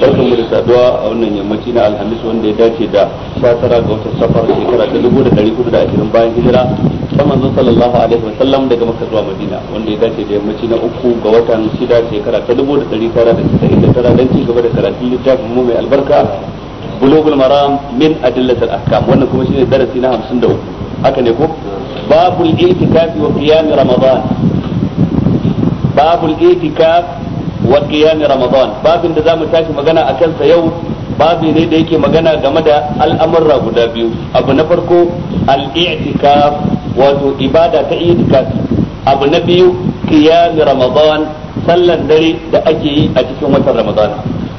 barkan mu da saduwa a wannan yammaci na alhamis wanda ya dace da fatara ga wata safar shekara ta dubu da dari hudu da ashirin bayan hijira ta manzon sallallahu alaihi wa sallam daga maka zuwa madina wanda ya dace da yammaci na uku ga watan shida shekara ta dubu da dari tara da casa'in da tara don ci gaba da karatun littafin mu mai albarka bulogul maram min adillatul ahkam wannan kuma shine darasi na hamsin da uku haka ne ko babul itikafi wa qiyam ramadan babul itikaf wa qiyam ramadan babin da zamu tashi magana akan sa yau babi ne da yake magana game da al'amurra guda biyu abu na farko al-i'tikaf wato ibada ta i'tikaf abu na biyu qiyam ramadan sallan dare da ake yi a cikin watan ramadan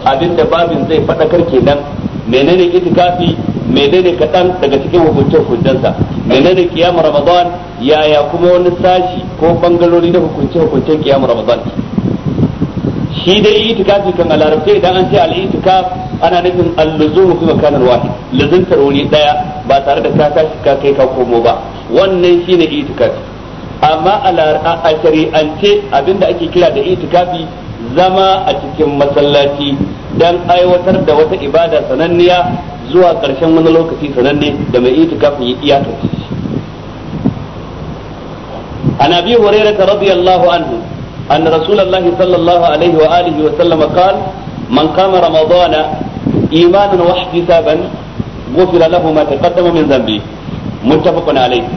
abinda babin zai fadakar kenan menene itikafi menene kaɗan daga cikin hukuncin hukuncensa menene kiyam ramadan yaya kuma wani sashi ko bangalori da hukuncin hukuncin kiyam ramadan shi dai itikafi kan alarabce idan an ce al ana nufin al-luzumu fi makanin wahid luzuntar wuri daya ba tare da ka tashi ka kai ka komo ba wannan shine itikafi amma a shari'ance abinda ake kira da itikafi zama a cikin masallaci dan aiwatar da wata ibada sananniya zuwa ƙarshen wani lokaci sananne da mai itikafi ya iyakance shi an abi hurairah radiyallahu anhu أن رسول الله صلى الله عليه وآله وسلم قال من قام رمضان إيمانا واحتسابا غفر له ما تقدم من ذنبه متفق عليه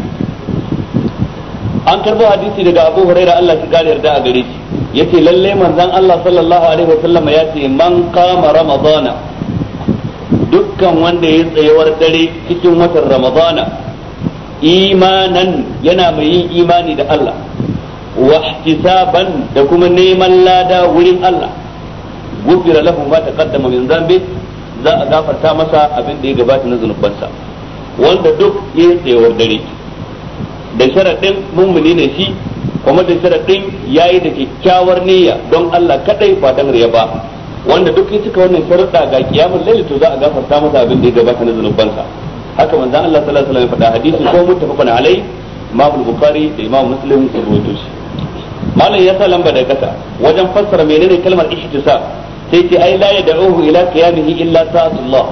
an karbo hadisi daga Abu Hurairah Allah shi kare yarda a gare shi yace lalle manzon Allah sallallahu alaihi wa wasallam ya ce man kama ramadana dukkan wanda ya tsayawar dare cikin watan ramadana imanan yana mai yin imani da Allah wa ihtisaban da kuma neman lada wurin Allah gufira ba ta taqaddama min zambi za a gafarta masa abin da ya gabata na sa wanda duk ya tsayawar dare da sharadin mummuni ne shi kuma da sharadin yayi da kyakkyawar niyya don Allah kadai ba dan riya ba wanda duk ya cika wannan sharuɗa ga kiyamul layl to za a gafarta masa abin da ya gabata na sa haka manzon Allah sallallahu alaihi wasallam ya faɗa hadisi ko muttafaqun alai Imam Bukhari da Imam Muslim sun rawaito shi malam ya sa lamba da kasa wajen fassara menene kalmar ihtisa sai ce ai la yad'uhu ila qiyamihi illa sa'atullah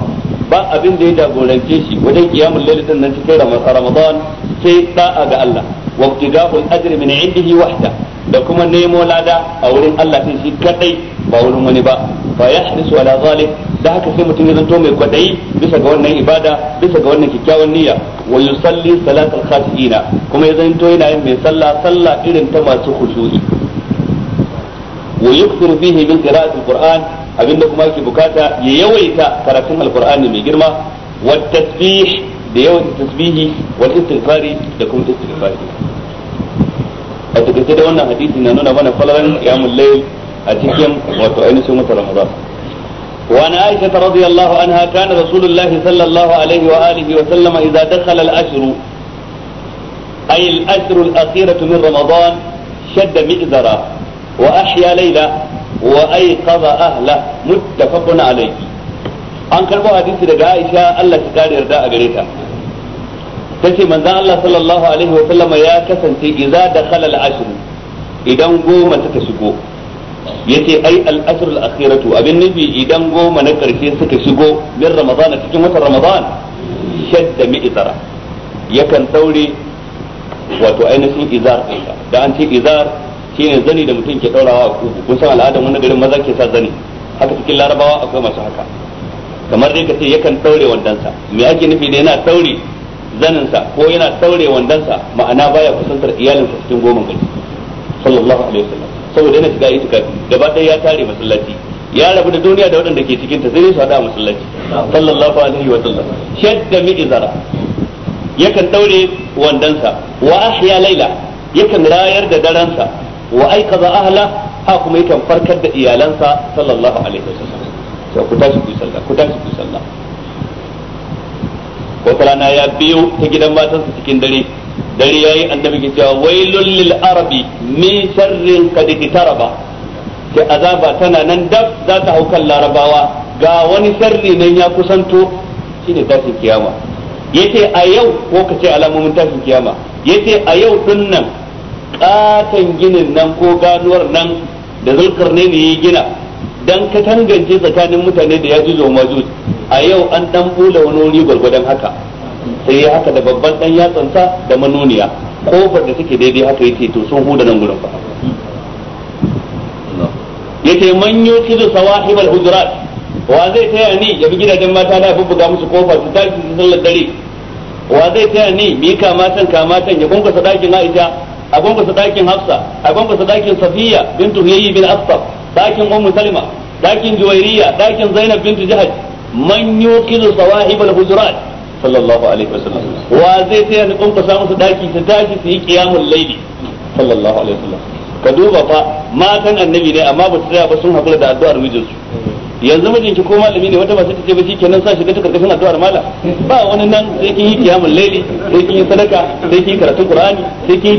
ba abin da ya jagorance shi wajen qiyamul layl din nan cikin ramadan sai da'a ga Allah wa ibtiga'ul ajri min 'indihi wahda da kuma nemo lada a wurin Allah din shi kadai ba wurin wani ba fa yahrisu ala zalim da haka sai mutum ya zanto mai kwadai bisa ga wannan ibada bisa ga wannan kyakkyawan niyya wa yusalli salatul khashiina kuma ya zanto yana yin mai sallah sallah irin ta masu khushu'i wa yukthiru fihi min qira'atil qur'an abinda kuma yake bukata ya yawaita karatun alqur'ani mai girma wa tasbih da yawaita tasbihi wal istighfari da kuma istighfari a takaice da wannan hadisi na nuna mana falalan qiyamul layl a cikin wato ainihin watan ramadan وعن عائشة رضي الله عنها كان رسول الله صلى الله عليه وآله وسلم إذا دخل الأشر أي الأشر الأخيرة من رمضان شد مئزرة وأحيا ليلة وأيقظ أهله متفق عليه an karbo hadisi daga Aisha Allah ta kare yarda a gare ta tace manzon Allah sallallahu alaihi wa sallama ya kasance idza dakhala al idan goma ta shigo yace ai al-ashr al-akhiratu abin nufi idan goma na karshe suka shigo min ramadan cikin watan ramadan shadda mi'zara yakan daure wato ainihin izar da an ce izar shine zani da mutum ke daurawa a kugu kun san al'adar wannan garin maza ke sa zani haka cikin larabawa akwai masu haka kamar dai kace yakan daure sa me ake nufi da yana daure sa ko yana daure sa ma'ana baya kusantar iyalinsa cikin goma gari sallallahu alaihi wasallam saboda yana shiga itikafi gaba ɗaya ya tare masallaci ya rabu da duniya da waɗanda ke cikin ta sai dai su masallaci sallallahu alaihi wa sallam shadda mi izara yakan daure wandansa wa ahya laila yakan rayar da daransa wa aikaza ahla ha kuma yakan farkar da iyalansa sallallahu alaihi wa sallam ku tashi ku sallah ku tashi ku sallah ko kana ya biyo ta gidan matansa cikin dare dare yayi annabi ke cewa wailul lil arabi min sharrin qad itaraba sai azaba tana nan dab za ta hau kan larabawa ga wani sharri nan ya kusanto shine tashin kiyama yace a yau ko ka ce alamomin tashin kiyama yace a yau din nan ginin nan ko ganuwar nan da zulkarne ne ya gina dan katangance tsakanin mutane da ya zo majuj a yau an dan bula wani wuri gwargwadon haka sai ya haka da babban dan yatsansa da manuniya kofar da suke daidai haka yake to sun huda nan gurin fa yace man yuqidu sawahibal hujurat wa zai taya ni ya bi gidajen mata da bubbuga musu kofar su tashi su sallar dare wa zai taya ni mi ka matan ya gungusa sadakin Aisha a gungusa sadakin Hafsa a gungusa sadakin Safiya bintu Huyayyi bin Asfar dakin Ummu salima dakin Juwairiya dakin Zainab bintu Jahash man yuqidu sawahibal hujurat sallallahu alaihi wasallam wa zai taya ni kun kusa musu daki su tashi su yi qiyamul layli sallallahu alaihi wasallam ka duba fa matan annabi ne amma ba su tsaya ba sun hakura da addu'ar mijinsu yanzu mijinki ko malami ne wata ba sai ta ce ba shikenan sa shiga ta karkashin addu'ar mala ba wani nan sai kin yi kiyamul laili sai kin yi sadaka sai kin yi karatun qur'ani sai kin yi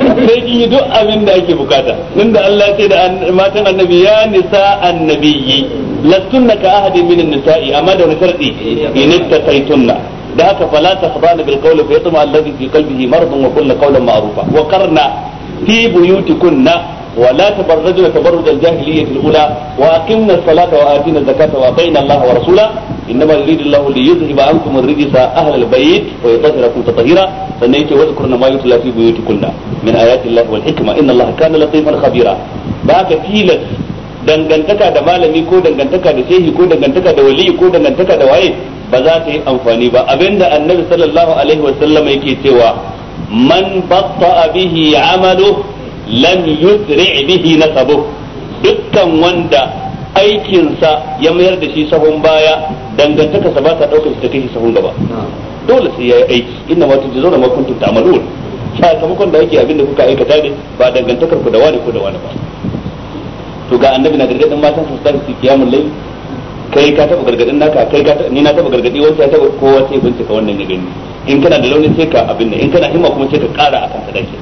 sai kin yi duk abin da ake bukata nan da Allah ya ce da matan annabi ya nisa annabiyyi lastunna ka ahadin minan nisa'i amma da wani sharadi in ittaqaytunna da haka fala tahdana bil qawli fa yatma alladhi fi qalbihi maradun wa qulna qawlan ma'rufa wa qarna fi buyutikunna ولا تبرجن تبرج الجاهلية الأولى وأقمنا الصلاة وآتينا الزكاة وأطينا الله ورسوله إنما يريد الله ليذهب عنكم الرجس أهل البيت ويطهركم تطهيرا فنيت واذكرن ما يتلى في بيوتكن من آيات الله والحكمة إن الله كان لطيفا خبيرا باك تيلس dangantaka da malami ko dangantaka da shehi ko dangantaka da wali ko dangantaka da waye ba za ta yi amfani ba abinda annabi sallallahu alaihi wasallam yake cewa man batta bihi amalu lam yusri bihi nasabu dukkan wanda aikinsa ya mayar da shi sahun baya dangantaka sa ba ta dauka shi ta kai sahun gaba dole sai yayi aiki inna ma tujzauna ma kuntum ta'malun sakamakon da yake abin da kuka aikata ne ba dangantakar ku da wani ko da wani ba to ga annabi na gargadin matan su tsara su kiyamul lai kai ka taba gargadin naka kai ka ni na taba gargadi wanda ya taba kowa sai bincika wannan ya gani in kana da launin sai ka abin nan in kana himma kuma sai ka kara akan sadaki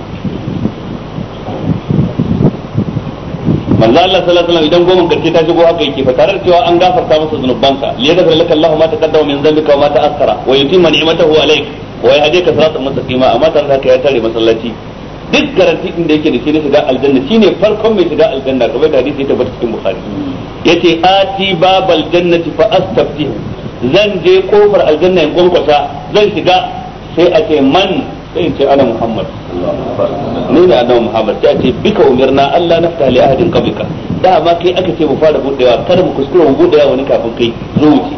manzo Allah sallallahu alaihi wasallam idan goma karshe ta shigo haka yake fa tarar cewa an gafarta masa zunubanka li yaghfir laka Allahu ma taqaddama min dhanbika wa ma ta'akhkhara wa yutimma ni'matahu alayk wa yahdika siratan mustaqima amma tare haka ya tare masallaci duk garanti din da yake da shi na shiga aljanna shine farkon mai shiga aljanna kamar da hadisi ta bata cikin bukhari yace ati babal jannati fa astaftihu zan je kofar aljanna in gonkwasa zan shiga sai a ce man sai ce ana muhammad ni ne Ana muhammad sai a ce bika umirna allah nafta li ahadin da ma kai aka ce mu fara budewa kar mu kuskura mu budewa wani kafin kai zo wuce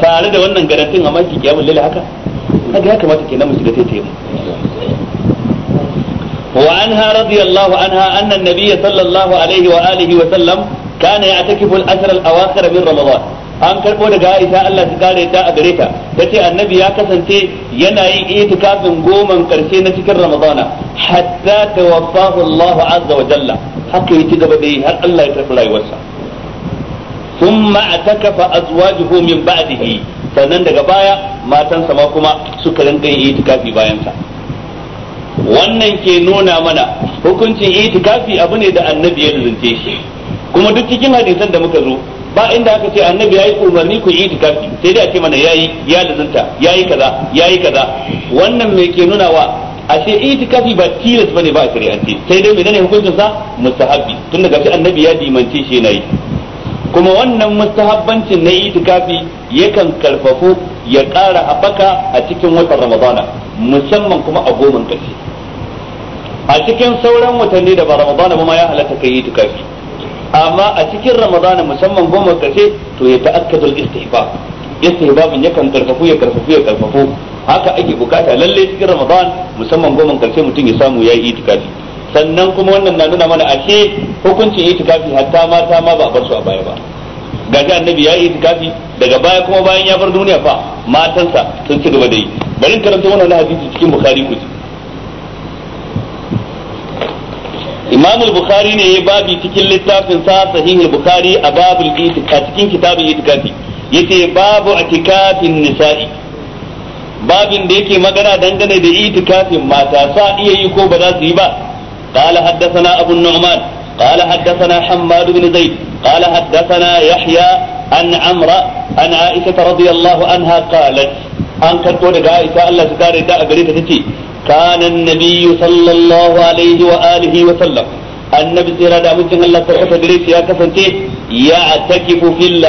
tare da wannan garantin amma ki kiyamu lalle haka haka ya kamata kenan mu shiga taitaye mu وعنها رضي الله عنها أن النبي صلى الله عليه وآله وسلم كان يعتكف الأشر الأواخر من رمضان an karbo daga Aisha Allah ta kare ta a gare ta tace annabi ya kasance yana yin itikafin goman karshe na cikin Ramadana hatta tawaffahu Allah azza wa jalla haka yaci gaba da har Allah ya tafi rayuwarsa thumma atakafa azwajuhu min ba'dihi sannan daga baya matansa ma kuma suka rinka yin itikafi bayan sa wannan ke nuna mana hukuncin itikafi abu ne da annabi ya zance shi kuma duk cikin hadisan da muka zo ba inda aka ce annabi ya yi umarni ku yi itikafi sai dai a ce mana yayi ya lazunta yayi kaza yayi kaza wannan me ke nuna wa ashe itikafi ba tilas bane ba a shari'ance sai dai menene hukuncin sa mustahabbi tun daga shi annabi ya dimance shi yi kuma wannan mustahabbancin na itikafi yakan karfafu ya ƙara haɓaka a cikin watan ramadana musamman kuma a goman ƙarshe a cikin sauran watanni da ba ramadana ba ma ya halatta kai yi tukafi amma a cikin ramadana musamman goma ƙarshe to ya ta'akkadul istihbab istihbabin yakan karfafu ya karfafu ya karfafu haka ake bukata lallai cikin ramadan musamman goman ƙarshe mutum ya samu ya yi itikafi sannan kuma wannan na nuna mana ashe hukuncin yi itikafi hatta mata ma ba a bar su a baya ba gaji annabi ya yi itikafi daga baya kuma bayan ya bar duniya fa matansa sun ci gaba da yi bari in karanta wannan hadisi cikin bukhari ku imam al-bukhari ne ya babi cikin littafin sa sahih al-bukhari a babul itikafi cikin kitabul itikafi yace babu atikafin nisa'i babin da yake magana dangane da itikafin mata sa iya yi ko ba za su yi ba قال حدثنا أبو النعمان قال حدثنا حماد بن زيد قال حدثنا يحيى عن عمرو عن عائشة رضي الله عنها قالت أن كنت عائشة الله سكاري دا أقريتها كان النبي صلى الله عليه وآله وسلم annabi tsira da mutum Allah ta kasa gare shi ya kasance ya takifu fil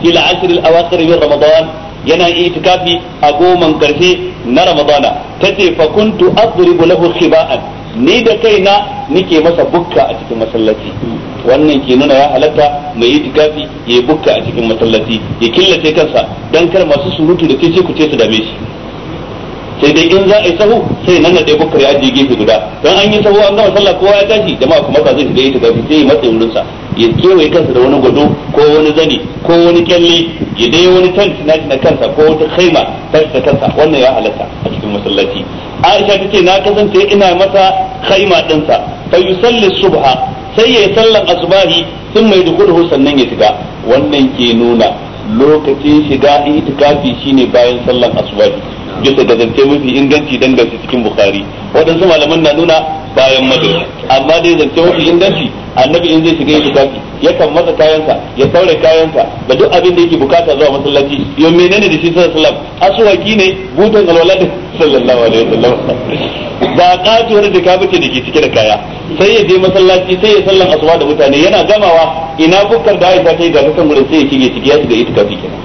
fil ashr al awakhir min ramadan yana itikafi a goman karshe na ramadana tace fa kuntu adribu ni da kaina nike masa bukka a cikin masallaci wannan ke nuna ya halatta mai tikafi ya yi bukka a cikin masallaci ya killace kansa dan kar masu surutu da kai ku ce su dame shi sai dai in za a yi sahu sai nan da bukkar ya ajiye gefe guda don an yi sahu an gama sallah kowa ya tashi jama'a kuma ba zai shiga tikafi sai ya matsa wurinsa ya kewaye kansa da wani gado ko wani zani ko wani kyalle ya dai wani tanti na kansa ko wata khaima ta kansa wannan ya halatta a cikin masallaci aisha ce na kasance ina masa khaima dinsa fa yusalli subha sai ya sallan asbahi sun mai da dukudu sannan ya shiga wannan ke nuna lokacin shiga itikafi shine bayan sallan asbahi bisa da zance mafi inganci dangane cikin bukhari waɗansu malaman na nuna bayan madoya amma dai zance mafi inganci annabi in zai shiga ya kan masa kayansa ya saure kayansa da duk abin da yake bukata zuwa masallaci yo menene da shi sallallahu alaihi wasallam asuwaki ne butan alwala da sallallahu alaihi wasallam ba katuwar da ka bace da ke cike da kaya sai ya je masallaci sai ya sallan asuba da mutane yana gamawa ina bukkar da Aisha ta yi ga kan gurin sai ya shige ciki ya shiga itikafi kenan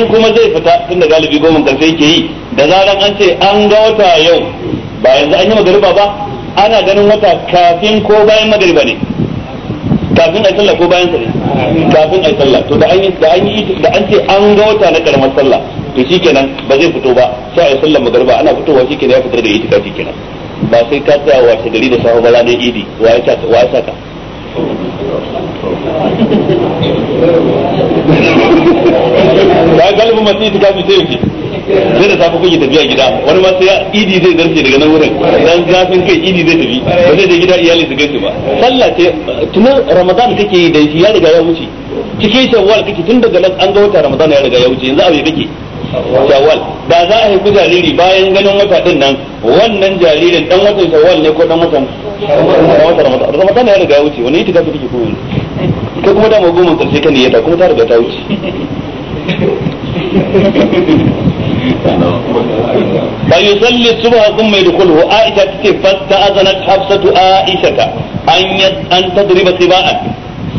in kuma zai fita tun da galibi goma sai yake yi da zaran an ce an ga wata yau ba yanzu an yi magariba ba ana ganin wata kafin ko bayan magariba ne kafin ai sallah ko bayan sa ne kafin ai sallah to da an yi da an yi da an ce an ga wata na karamar sallah to shikenan ba zai fito ba sai ai sallah magariba ana fitowa shikenan ya fitar da itikafi kenan ba sai ka tsaya wa ta gari da sahu ba ranar idi wa ya wa ya saka ya galibin masu itikafi sai yake sai da safe kuke tafiya gida wani ma sai idi zai zarce daga nan wurin dan zafin kai idi zai tafi ba zai je gida iyali su gaishe ba sallah ce tunan ramadan kake yi da shi ya riga ya wuce cikin shawwal kake tun daga nan an ga wata ramadan ya riga ya wuce yanzu abu kake shawwal da za a haifi jariri bayan ganin wata din nan wannan jaririn dan watan shawwal ne ko dan watan ramadan ya riga ya wuce wani ita kake kike koyo ko kuma da goma karshe kan niyyata kuma ta riga ta wuce fa yusalli subha thumma yadkhuluhu aisha tace fasta azanat hafsatu aisha ta an an tadriba sibaan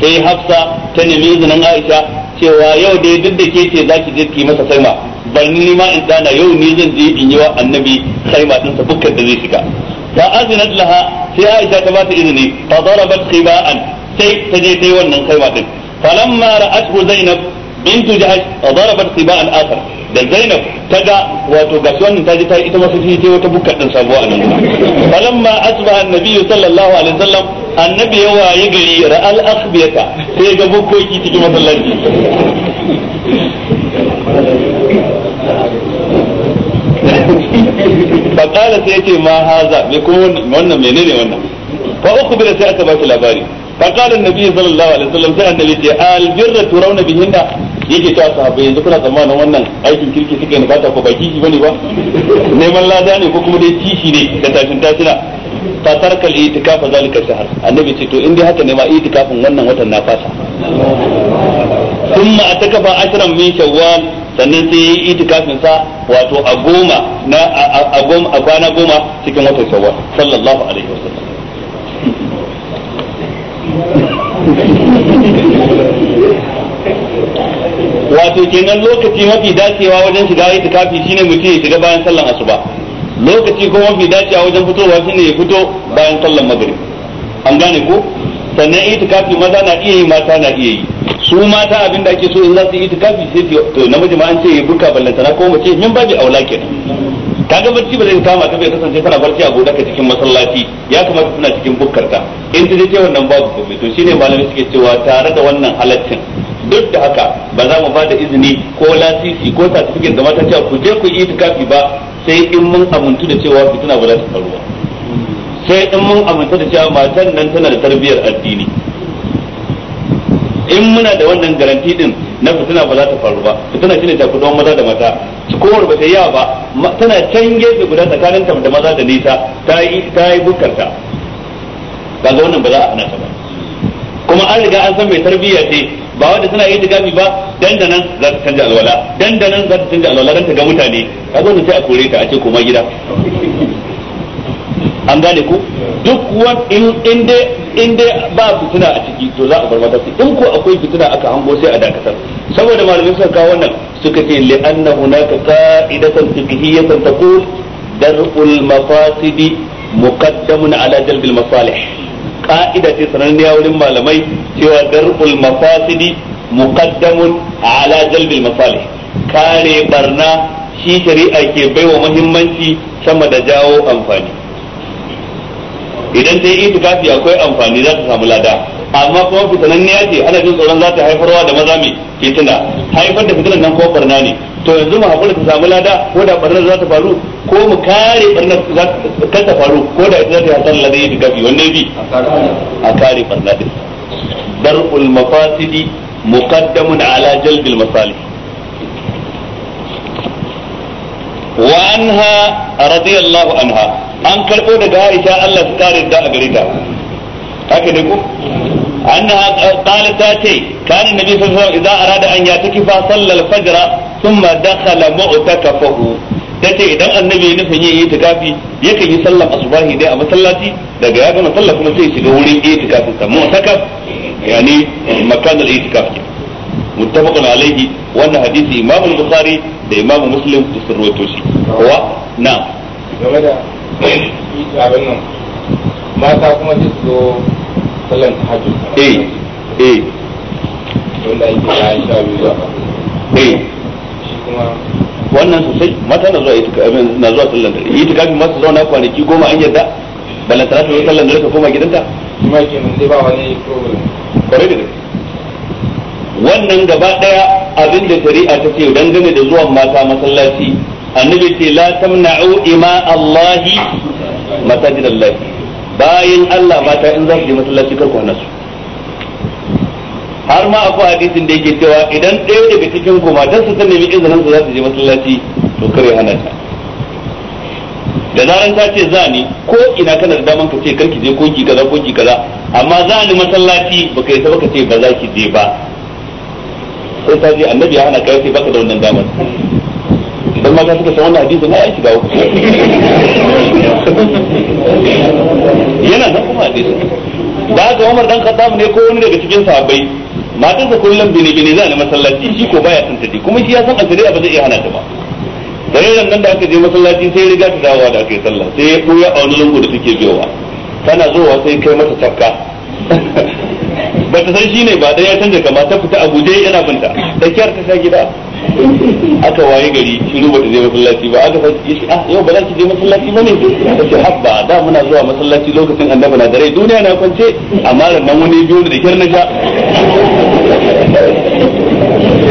sai hafsa ta nemi izinin aisha cewa yau dai duk da ke ce zaki je ki masa saima bal ni ma in dana yau ni zan je in yi wa annabi saima din sa bukkar da zai shiga fa azinat laha sai aisha ta ba ta izini fa darabat khibaan sai ta je ta yi wannan saima din falamma ra'athu zainab bintu jahash darabat khibaan akhar da Zainab ta ga wato gashi wannan ta ji ta ita wata din sabuwa nan falamma sallallahu alaihi wasallam annabi ya waye gari ra'al akhbiyata sai ga bukkoki cikin masallaci sai ce ma haza me wannan menene wannan fa sai aka ba shi labari فقال النبي صلى الله عليه وسلم sai annabi ce albirra ترون بهن يجي cewa sahabbai yanzu kuna tsammanin wannan aikin kirki suke ne ba ta ko ba kishi bane ba neman lada ne ko kuma dai kishi ne da tashin tashina fa tarkal itikaf zalika shahr annabi ce to in dai haka ne ma itikafin wannan watan na fasa thumma atakafa ashran min shawwal sannan sai itikafin sa wato a goma na a goma a kwana goma cikin watan shawwal sallallahu alaihi wasallam wato kenan lokaci mafi dacewa wajen shiga itikafi shine mutum ya shiga bayan sallan asuba lokaci ko mafi dacewa wajen fitowa shine ya fito bayan sallan magrib an gane ko sannan itikafi maza na iya yi mata na iya yi su mata abin da ake so in za su yi itikafi sai to namiji ma an ce ya buka ballantana ko mace min babu aula kenan kaga barci ba zai kama ta bai kasance tana barci a ka cikin masallaci ya kamata tana cikin bukkarta in ta ce wannan babu gobe to shine malami suke cewa tare da wannan halaccin duk da haka ba za mu bada izini ko lasisi ko certificate da mata cewa ku je ku yi tukafi ba sai in mun amintu da cewa fituna ba za ta faru ba sai in mun amintu da cewa matan nan tana da tarbiyyar addini in muna da wannan garanti din na fitina ba za ta faru ba fitina shine ta kudon maza da mata kowar ba ta yawa ba tana can gefe guda tsakanin ta da maza da nisa ta yi ta yi bukarta kaga wannan ba za a hana ta ba kuma an riga an san mai tarbiyya ce ba wanda tana yin digami ba dandanan za ta canja alwala dandanan za ta canja alwala dan ta ga mutane kaga wannan sai a kore ta a ce koma gida an gane ku duk in in dai in dai ba fitina a ciki to za a bar madafi in ko akwai fitina aka hango sai a dakatar saboda malamin suka kawo wannan suka ce li anna hunaka qa'idatan fiqhiyatan taqul dar'ul mafasidi muqaddamun ala jalbil masalih ka'ida ce sananniya wurin malamai cewa dar'ul mafasidi muqaddamun ala jalbil masalih kare barna shi shari'a ke baiwa muhimmanci sama da jawo amfani idan dai itikafi akwai amfani za ta samu lada amma kuma fitananniya ce ana jin tsoron za ta haifarwa da maza mai fitina haifar da fitinan nan ko barna ne to yanzu mu hakura ta samu lada ko da barnar za ta faru ko mu kare barnar za ta faru ko da ita za ta hasar lada yi gafi wanne bi a kare barna din dar'ul mafasidi muqaddamun ala jalbil masalih wa anha radiyallahu anha an karbo daga Aisha Allah ta kare da a gare ta haka ne ko أنها قالت تاتي كان النبي صلى الله عليه وسلم إذا أراد أن يعتكف صلى الفجر ثم دخل معتكفه tace idan annabi ya nufin yin itikafi yakan yi sallar asubahi dai a masallaci daga ya gama sallah kuma sai shiga wurin itikafin sa mu'takaf yani makan al-itikaf kenan متفق عليه وان حديث امام البخاري ده امام مسلم muslim da sun rawaito shi wa na da abin nan mata kuma ya eh, eh. eh. wannan sosai mata na zuwa na zuwa sallan yi masu zauna kwanaki goma an yadda ta sallan ka koma gidanta shi ma kenan zai ba wani problem kwarai da wannan gaba daya abin da shari'a ta ce dangane da zuwan mata masallaci annabi ce la tamna'u ima Allahi masajid Allah bayan Allah mata in za su je masallaci kar ku har ma akwai hadisin da yake cewa idan ɗaya daga cikin ku matar su ta nemi izinin su za su je masallaci to kare hana ta da zaran ta ce za ni ko ina kana da daman ka ce kar ki je ko ki kaza ko ki kaza amma za ni masallaci baka yi ta baka ce ba za ki je ba sai ta je annabi ya hana kai sai baka da wannan damar dan ma ka suka san wannan hadisi na aiki ga uku yana nan kuma hadisi da ga Umar dan Khattab ne ko wani daga cikin sahabbai matarsa kullum bine bine za ni masallaci shi ko baya san ta kuma shi ya san asiriya ba zai iya hana ta ba dare nan da aka je masallaci sai riga ta dawowa da aka yi sallah sai ya koya a wani lungu da take biyowa tana zuwa sai kai mata takka ba ta san ne ba da ya canza kama ta fita Abuja yana binta da kyar ta sha gida aka waye gari shiru ba ta je masallaci ba aka san shi ah yau ba za ki je masallaci ba ne ta ce habba da muna zuwa masallaci lokacin annabi na dare duniya na kwance amma nan wani biyu da kyar na sha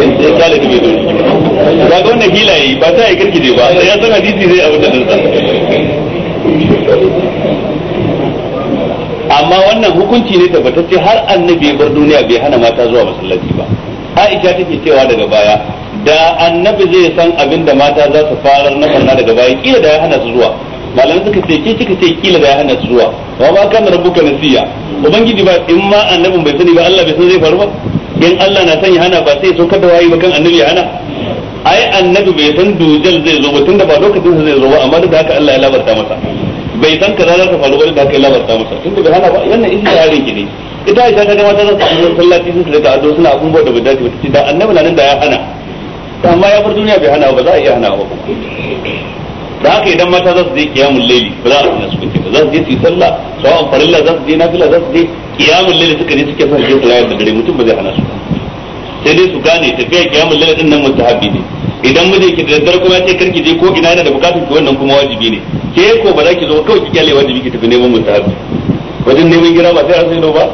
sai kale da bai zo ga wannan yi ba ta yi kirkije ba ya san hadisi zai abin da nan amma wannan hukunci ne tabbatacce har annabi bar duniya bai hana mata zuwa masallaci ba aisha take cewa daga baya da annabi zai san abin da mata za su farar na barna daga baya kila da ya hana su zuwa malamai suka ce ke kika ce kila da ya hana su zuwa wa ma kana rabbuka nasiya ubangiji ba in ma annabin bai sani ba Allah bai san zai faru ba in Allah na san ya hana ba sai so da wayi ba kan annabi ya hana ai annabi bai san dujal zai zo ba tunda ba lokacin sa zai zo ba amma da haka Allah ya labarta masa bai san kaza za ta faru wani da kai labarta masa tun da hana ba wannan isi ya rage ne ita aisha ta gama ta za su yi sallati sun da ta'addo suna abubuwa da bai dace ba ce da annabi nan da ya hana amma ya bar duniya bai hana ba za a iya hana ba da haka idan mata za su je kiyamun laili ba za a hana su kuke ba za su je su yi sallah sawan farilla za su je nafila za su je kiyamun laili suka ne suke son je su rayar da dare mutum ba zai hana su sai dai su gane tafiya kiyamul lail din nan mustahabi ne idan miji ki da dare kuma ya sai karki je ko ina yana da bukatun ki wannan kuma wajibi ne ke ko ba za ki zo kawai ki kyale wajibi ki tafi neman mustahabi wajen neman gira ba sai an sai ba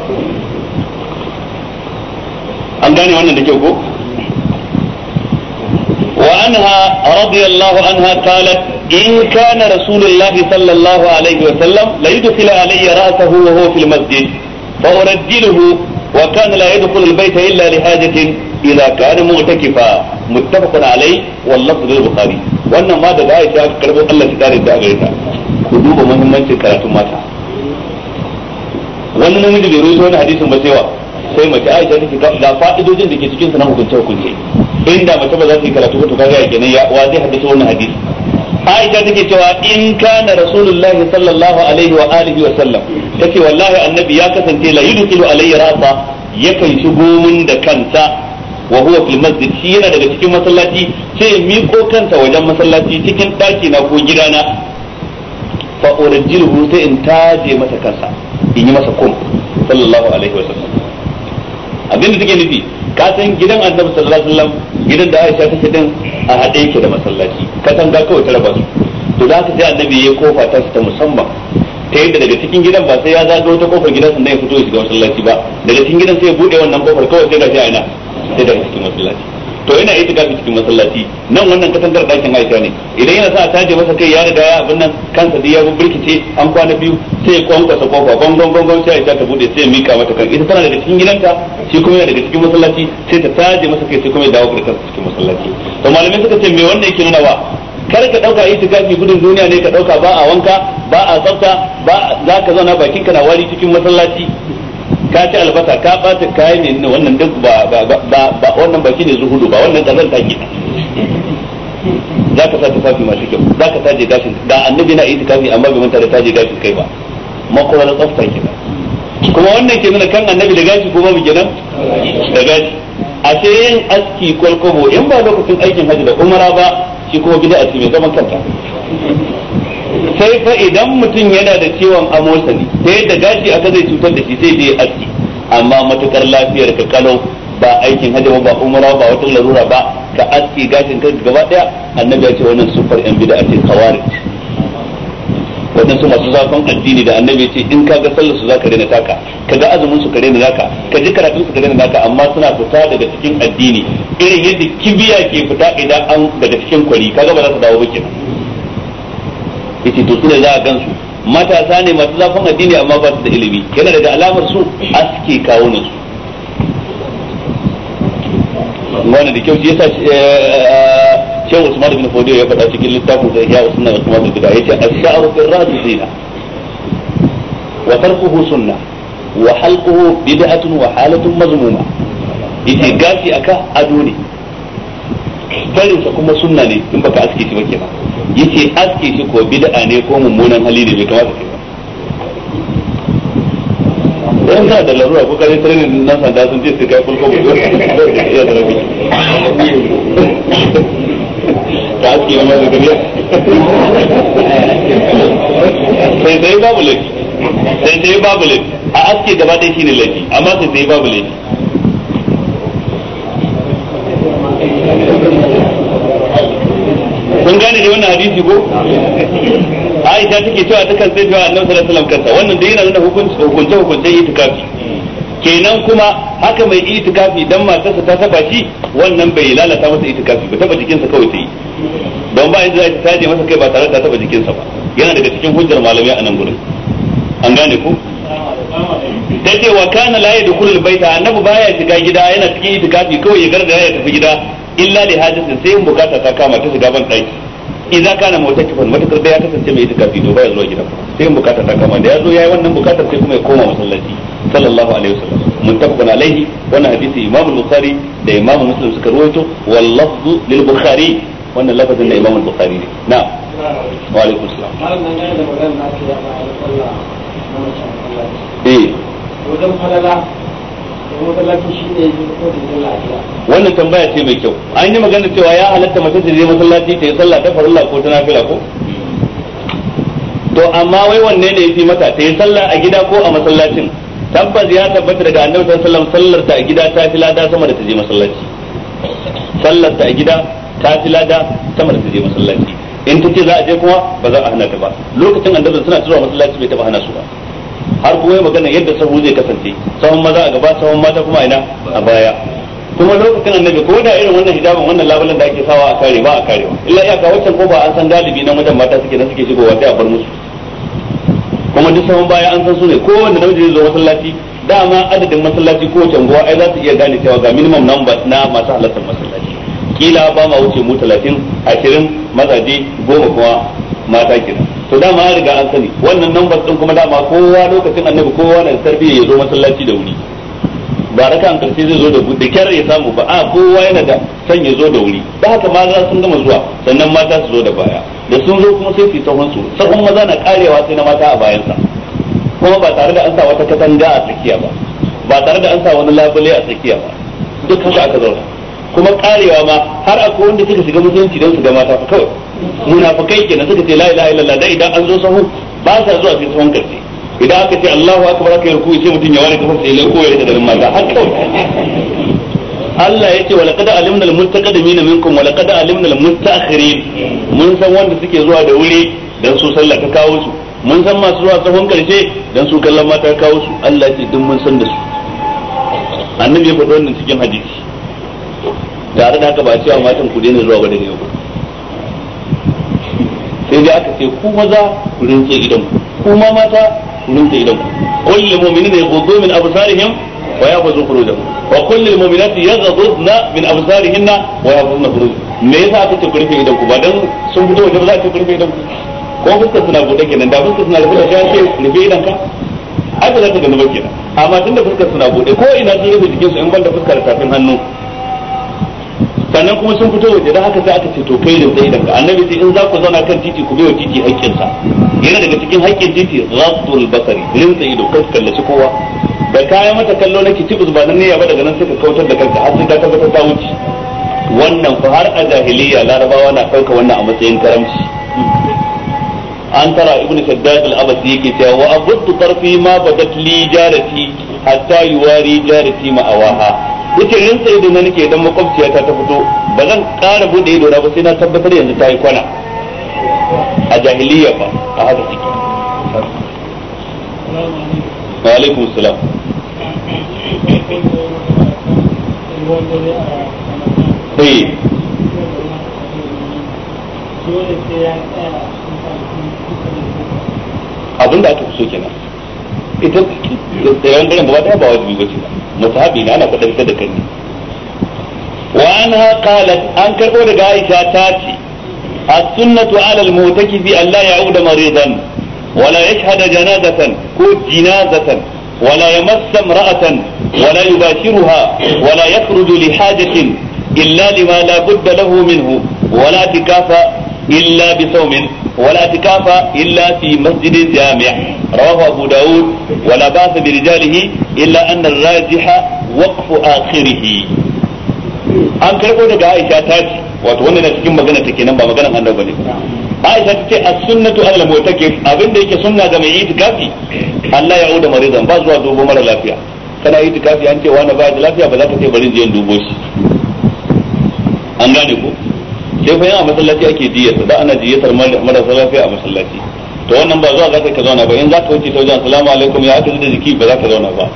an gane wannan da kyau ko وعنها رضي الله عنها قالت إن كان رسول الله صلى الله عليه وسلم ليدخل علي رأسه وهو في المسجد فأرجله وكان لا يدخل البيت إلا لحاجة إذا كان مغتكفا متفق عليه واللفظ للبخاري وأن ما دعاية أكبر الله تدار الدعاية كذوب مهمة ثلاث ماتا wani namiji bai rusu wani hadisin ba cewa sai mace aisha take ta da fa'idojin da ke cikin sa na hukunce hukunce inda mace ba za ta yi karatu ko ta ga yake ne ya wazi hadisi wannan Aisha take cewa in kana Rasulullahi sallallahu alaihi wa alihi wa sallam take wallahi annabi ya kasance la yudkilu alayya rasa yakan shigo min da kansa wa huwa fil masjid shi yana daga cikin masallaci sai miko kansa wajen masallaci cikin daki na ko gidana fa urjiluhu sai in taje masa kansa in yi masa kum sallallahu alaihi wa sallam abinda take nufi ka san gidan annabi sallallahu alaihi wasallam gidan da Aisha take din a hade yake da masallaci katanga kawai ta raba su to za ka sai annabi ya kofa ta ta musamman ta yadda daga cikin gidan ba sai ya zaga wata kofar gidan sannan ya fito ya shiga masallaci ba daga cikin gidan sai ya bude wannan kofar kawai sai ga shi aina sai daga cikin masallaci to yana itikafi cikin masallaci nan wannan katangar ɗakin aisha ne idan yana sa a taje masa kai ya riga ya abin nan kansa dai ya birkice an kwana biyu sai ya kwankwasa kofa gongon gongon sai aisha ta bude sai ya mika mata kan ita tana daga cikin gidanta shi kuma yana daga cikin masallaci sai ta taje masa kai sai kuma ya dawo kansa cikin masallaci to malamai suka ce me wanda yake nuna wa kar ka dauka itikafi gudun duniya ne ka dauka ba a wanka ba a tsafta ba za ka zauna bakin ka na wari cikin masallaci ka ci albasa ka bata kayan ne wannan duk ba ba ba wannan baki ne zuhudu ba wannan kazan ta gida za sa tufafi masu kyau zaka ka taje gashin da annabi na ita kafi amma bai manta da taje gashin kai ba makwara na tsafta kina kuma wannan ke nuna kan annabi da gashi ko babu kenan da gashi a sai yin aski kwalkwabo in ba lokacin aikin hajji da umara ba shi kuma gida a cikin zaman kanta sai fa idan mutum yana da ciwon ne sai yadda gashi aka zai cutar da shi sai dai aski amma matukar lafiyar ka kalau ba aikin hajji ba umara ba wata larura ba ka aski gashin kai gaba daya annabi ya ce wannan sufar yan bid'a ce khawarij waɗansu masu zafin addini da annabi ce in ka ga sallar su zaka daina taka ka ga azumin su ka daina naka ka ji karatun su ka daina naka amma suna fita daga cikin addini irin yadda kibiya ke fita idan an daga cikin kwari kaga ba za su dawo ba kenan yace to sune za a gansu matasa ne masu zafin addini amma ba su da ilimi yana daga alamar su suke kawo ne su wani da kyau yasa eh, shehu usman ibn fodiyo ya faɗa cikin littafin da ya usman ibn usman ibn yace ash-sha'ru fi zina wa tarkuhu sunnah wa halquhu bid'atun wa halatun mazmuma yace gashi aka ado ne barin sa kuma sunna ne in baka aske shi ba kenan yace aske shi ko bid'a ne ko mummunan hali ne bai kamata ba dan ka da larura ko kare tare ne nan sanda sun ce sai kai kulko ba ya da rabi ta aske ma da kariya sai dai babu laifi sai dai babu laifi a aske gaba dai shine laifi amma sai dai babu laifi hadisi ko Aisha take cewa dukan sai cewa Annabi sallallahu alaihi wasallam wannan da yana nuna hukunci hukunce hukunce itikafi kenan kuma haka mai itikafi dan matarsa ta taba shi wannan bai lalata masa itikafi ba taba jikinsa kawai sai don ba inda ta je masa kai ba tare da ta taba jikinsa ba yana daga cikin hujjar malami a nan gurin an gane ku ta ce wa kana la yadkhulul baita annabi baya shiga gida yana cikin itikafi kawai ya garda ya tafi gida illa li hajatin sai in bukata ta kama ta shiga ban daki idza kana mutakifan matakar da ya kasance mai itikafi to baya zuwa gidan sai in bukata ta kama da ya zo yayi wannan bukatar sai kuma ya koma masallaci sallallahu alaihi wasallam mun muttafaqun alaihi wannan hadisi imam al-bukhari da imam muslim suka ruwaito wal lafzu lil bukhari wannan lafazin da imam al-bukhari ne na'am wa alaikum salam eh wajen falala wannan tambaya ce mai kyau an yi magana cewa ya halatta mace ta je masallaci ta yi sallah ta farilla ko ta nafila ko to amma wai wanne ne yafi mata ta yi sallah a gida ko a masallacin tabbas ya tabbata daga annabi sallallahu alaihi sallar ta a gida ta fi lada sama da ta je masallaci sallar ta a gida ta fi lada sama da ta je masallaci in ta ce za a je kuma ba za a hana ta ba lokacin annabi suna tura masallaci bai taba hana su ba har kuma magana yadda sahu zai kasance sahun maza a gaba sahun mata kuma ina a baya kuma lokacin annabi ko da irin wannan hijabin wannan labulan da ake sawa a kare ba a kare ba illa iyaka waccan ko ba an san galibi na wajen mata suke na suke shigowa sai a bar musu kuma duk sahun baya an san su ne ko wanda namiji zai zo masallaci dama adadin masallaci ko wace unguwa ai za su iya gane cewa ga minimum number na masu halartar masallaci kila ba ma wuce mu 30 20 mazaje goma kuma mata kenan to da ma riga an sani wannan number din kuma dama kowa lokacin annabi kowa na tarbiyya ya zo masallaci da wuri ba raka an karshe zai zo da da kyar ya samu ba a kowa yana da san ya zo da wuri da haka maza sun gama zuwa sannan mata su zo da baya da sun zo kuma sai su tafi su sahun maza na karewa sai na mata a bayansa kuma ba tare da an sa wata katanga a tsakiya ba ba tare da an sa wani labule a tsakiya ba duk haka aka zauna kuma karewa ma har akwai wanda suka shiga musulunci don su ga mata fa kawai munafikai kenan suka ce la ilaha illallah da idan an zo sahu ba sa zuwa sai sahun karshe idan aka ce Allahu akbar aka yi ruku'i sai mutum ya ware kafar sai lai koyar da garin mata har kawai Allah ya ce walaqad alimna almustaqdimin minkum walaqad alimna almustaakhirin mun san wanda suke zuwa da wuri dan su sallah ka kawo su mun san masu zuwa sahun karshe dan su kallon mata ka kawo su Allah ya ce duk mun san da su annabi ya faɗi wannan cikin hadisi tare da haka ba cewa matan ku daina zuwa wadanne yau sai dai aka ce ku maza ku rinse idan ku ma mata ku rinse idan ku qul lil mu'minina yaghuddu min absarihim wa yahfazu furujahum wa qul lil mu'minati yaghuddna min absarihinna wa yahfazna furujahum me yasa aka ce ku rinse idan ku ba dan sun fito waje ba za a ce ku rinse idan ku ko fuskar suna bude kenan da fuskar suna rufe da shi ake rufe idan ka ai za ta gani ba kenan amma da fuskar suna bude ko ina sun rufe jikinsu in ban da fuskar tafin hannu sannan kuma sun fito waje don haka sai aka ce to kai da sai daga annabi sai in za ku zauna kan titi ku biyo titi haƙƙinsa yana daga cikin haƙƙin titi ghadul basari rinsa ido kai kallaci kowa da kayan mata kallo na kitibus ba nan ne ba daga nan suka kautar da kanka har sai ka tabbatar ta wuce wannan fa har a jahiliya larabawa na ɗauka wannan a matsayin karamci an tara ibn shaddad al-abasi yake cewa wa abuddu tarfi ma badat li jarati hatta yuwari jarati ma awaha yace rinsa ido na nake idan makwabciya ta ta fito ba zan ƙara bude ido na ba sai na tabbatar yanzu ta yi kwana a jahiliya ba a haka ciki wa alaikum salam sai eh. abinda aka fi so kenan ita tsayon daren ba ta ba wajibi ba ce musahabi na ana kwadantar da kanni wa anha qalat an karbo daga Aisha ta ce as-sunnatu 'ala al-mu'takifi an la ya'uda maridan wa la yashhada janazatan ko jinazatan wa la yamassa imra'atan wa la yubashiruha wa la yakhruju li hajatin illa lima la budda lahu minhu wa la tikafa illa bi sawmin wala tikafa illa fi masjidin jami' rawahu abu daud wala ba'sa bi rijalihi illa anna ar-rajiha waqfu akhirih an karbo daga Aisha ta ce wato wannan cikin magana take nan ba maganan annabi bane Aisha ta ce as-sunnatu ala al-mu'takif abinda yake sunna ga mai itikafi Allah ya auda maridan ba zuwa dubo mara lafiya kana itikafi an ce wani ba da lafiya ba za ta ce bari je in dubo shi an gane ko sai fa a masallaci ake diyarsa da ana diyatar marasa lafiya a masallaci to wannan ba zuwa za ka zauna ba in ka wuce ta wajen assalamu alaikum ya aka da jiki ba ka zauna ba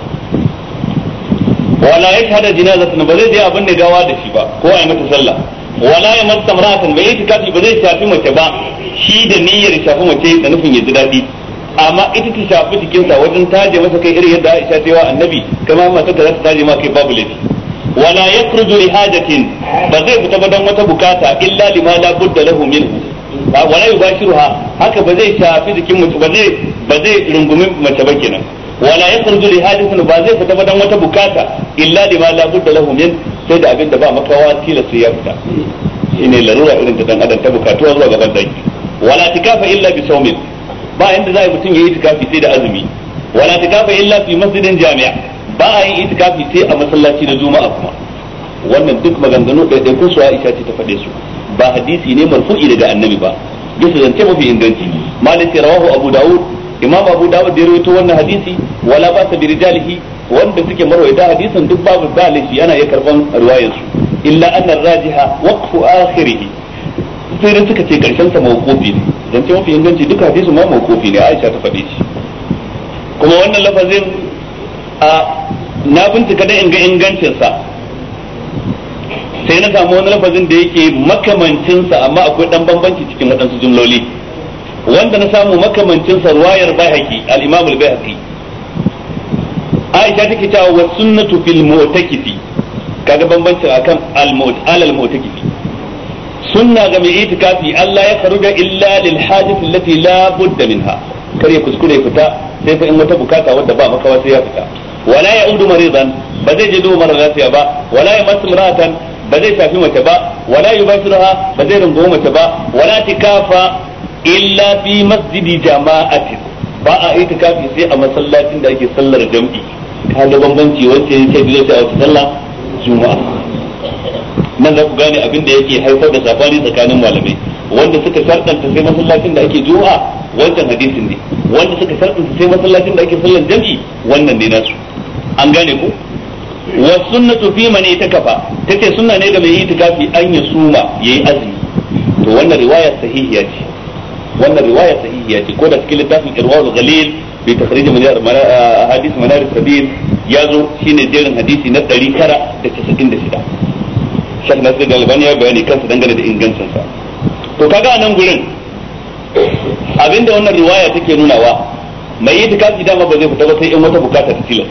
wala shahada jinaza ba zai je abin da gawa da shi ba ko yi mata sallah wala ya mata maratan bai yi kafi ba zai shafi mace ba shi da niyyar shafi mace da nufin ya ji daɗi amma ita ta shafi jikinsa wajen taje masa kai irin yadda Aisha ta yi wa annabi kamar masu ta za ta taje ma kai babu laifi wala yakhruju hajatin ba zai fita ba dan wata bukata illa lima la budda min wala yubashiruha haka ba zai shafi jikin mutum ba zai ba zai rungumi mace ba kenan wala yakhruju hajatin ba zai fita ba dan wata bukata illa lima la budda min sai da abin da ba makawa kila sai ya fita wala illa bi ba inda za a mutum yayi tikafi sai da azumi wala tikafa illa jami'a ba a yin itikafi sai a masallaci na juma'a kuma wannan duk maganganu da kun su Aisha ce ta fade su ba hadisi ne marfu'i daga annabi ba bisa zance mafi inganci malik rawahu abu daud imam abu daud da rawaito wannan hadisi wala ba sa birjalihi wanda suke marwaita hadisin duk babu zalishi yana iya karban riwayar su illa anna rajiha waqfu akhirih sai da suka ce karshen sa mawqufi ne zance mafi inganci duk hadisin ma mawqufi ne Aisha ta fade shi kuma wannan lafazin a na bincika dan in ga ingancin sa sai na samu wani lafazin da yake makamancin sa amma akwai dan bambanci cikin waɗansu jumloli wanda na samu makamancin sa ruwayar baihaqi al-imam al Aisha take cewa wa sunnatu fil mu'takifi kaga bambancin akan al-mu't alal mutakifi sunna ga mai itikafi Allah ya faruga illa lil hajati allati la budda minha kar ya kuskure fita sai fa in wata bukata wadda ba makawa ya fita wala ya udu maridan ba zai je duba mara lafiya ba wala ya masu muratan ba zai shafi mace ba wala yubashiruha ba zai rungume mace ba wala tikafa illa fi masjidi jamaati ba a itikafi sai a masallacin da ake sallar jam'i ka ga bambanci wacce yake da zai a wata sallah juma'a nan za ku gane abin da yake haifar da safari tsakanin malamai wanda suka sarƙanta sai masallacin da ake juma'a wancan hadisin ne wanda suka sarƙanta sai masallacin da ake sallan jam'i wannan ne nasu an gane ku wa sunnatu fi man itakafa tace sunna ne ga mai itikafi an ya suma yayi azumi to wannan riwaya sahihiya ce wannan riwaya sahihiya ce ko da cikin littafin irwaul ghalil bi takhrij min hadis manar sabil yazo shine jerin hadisi na 996 shek nasir galbani ya bayani kansa dangane da sa to kaga nan gurin abinda wannan riwaya take nunawa mai yi tikafi dama ba zai fita ba sai in wata bukata ta tilas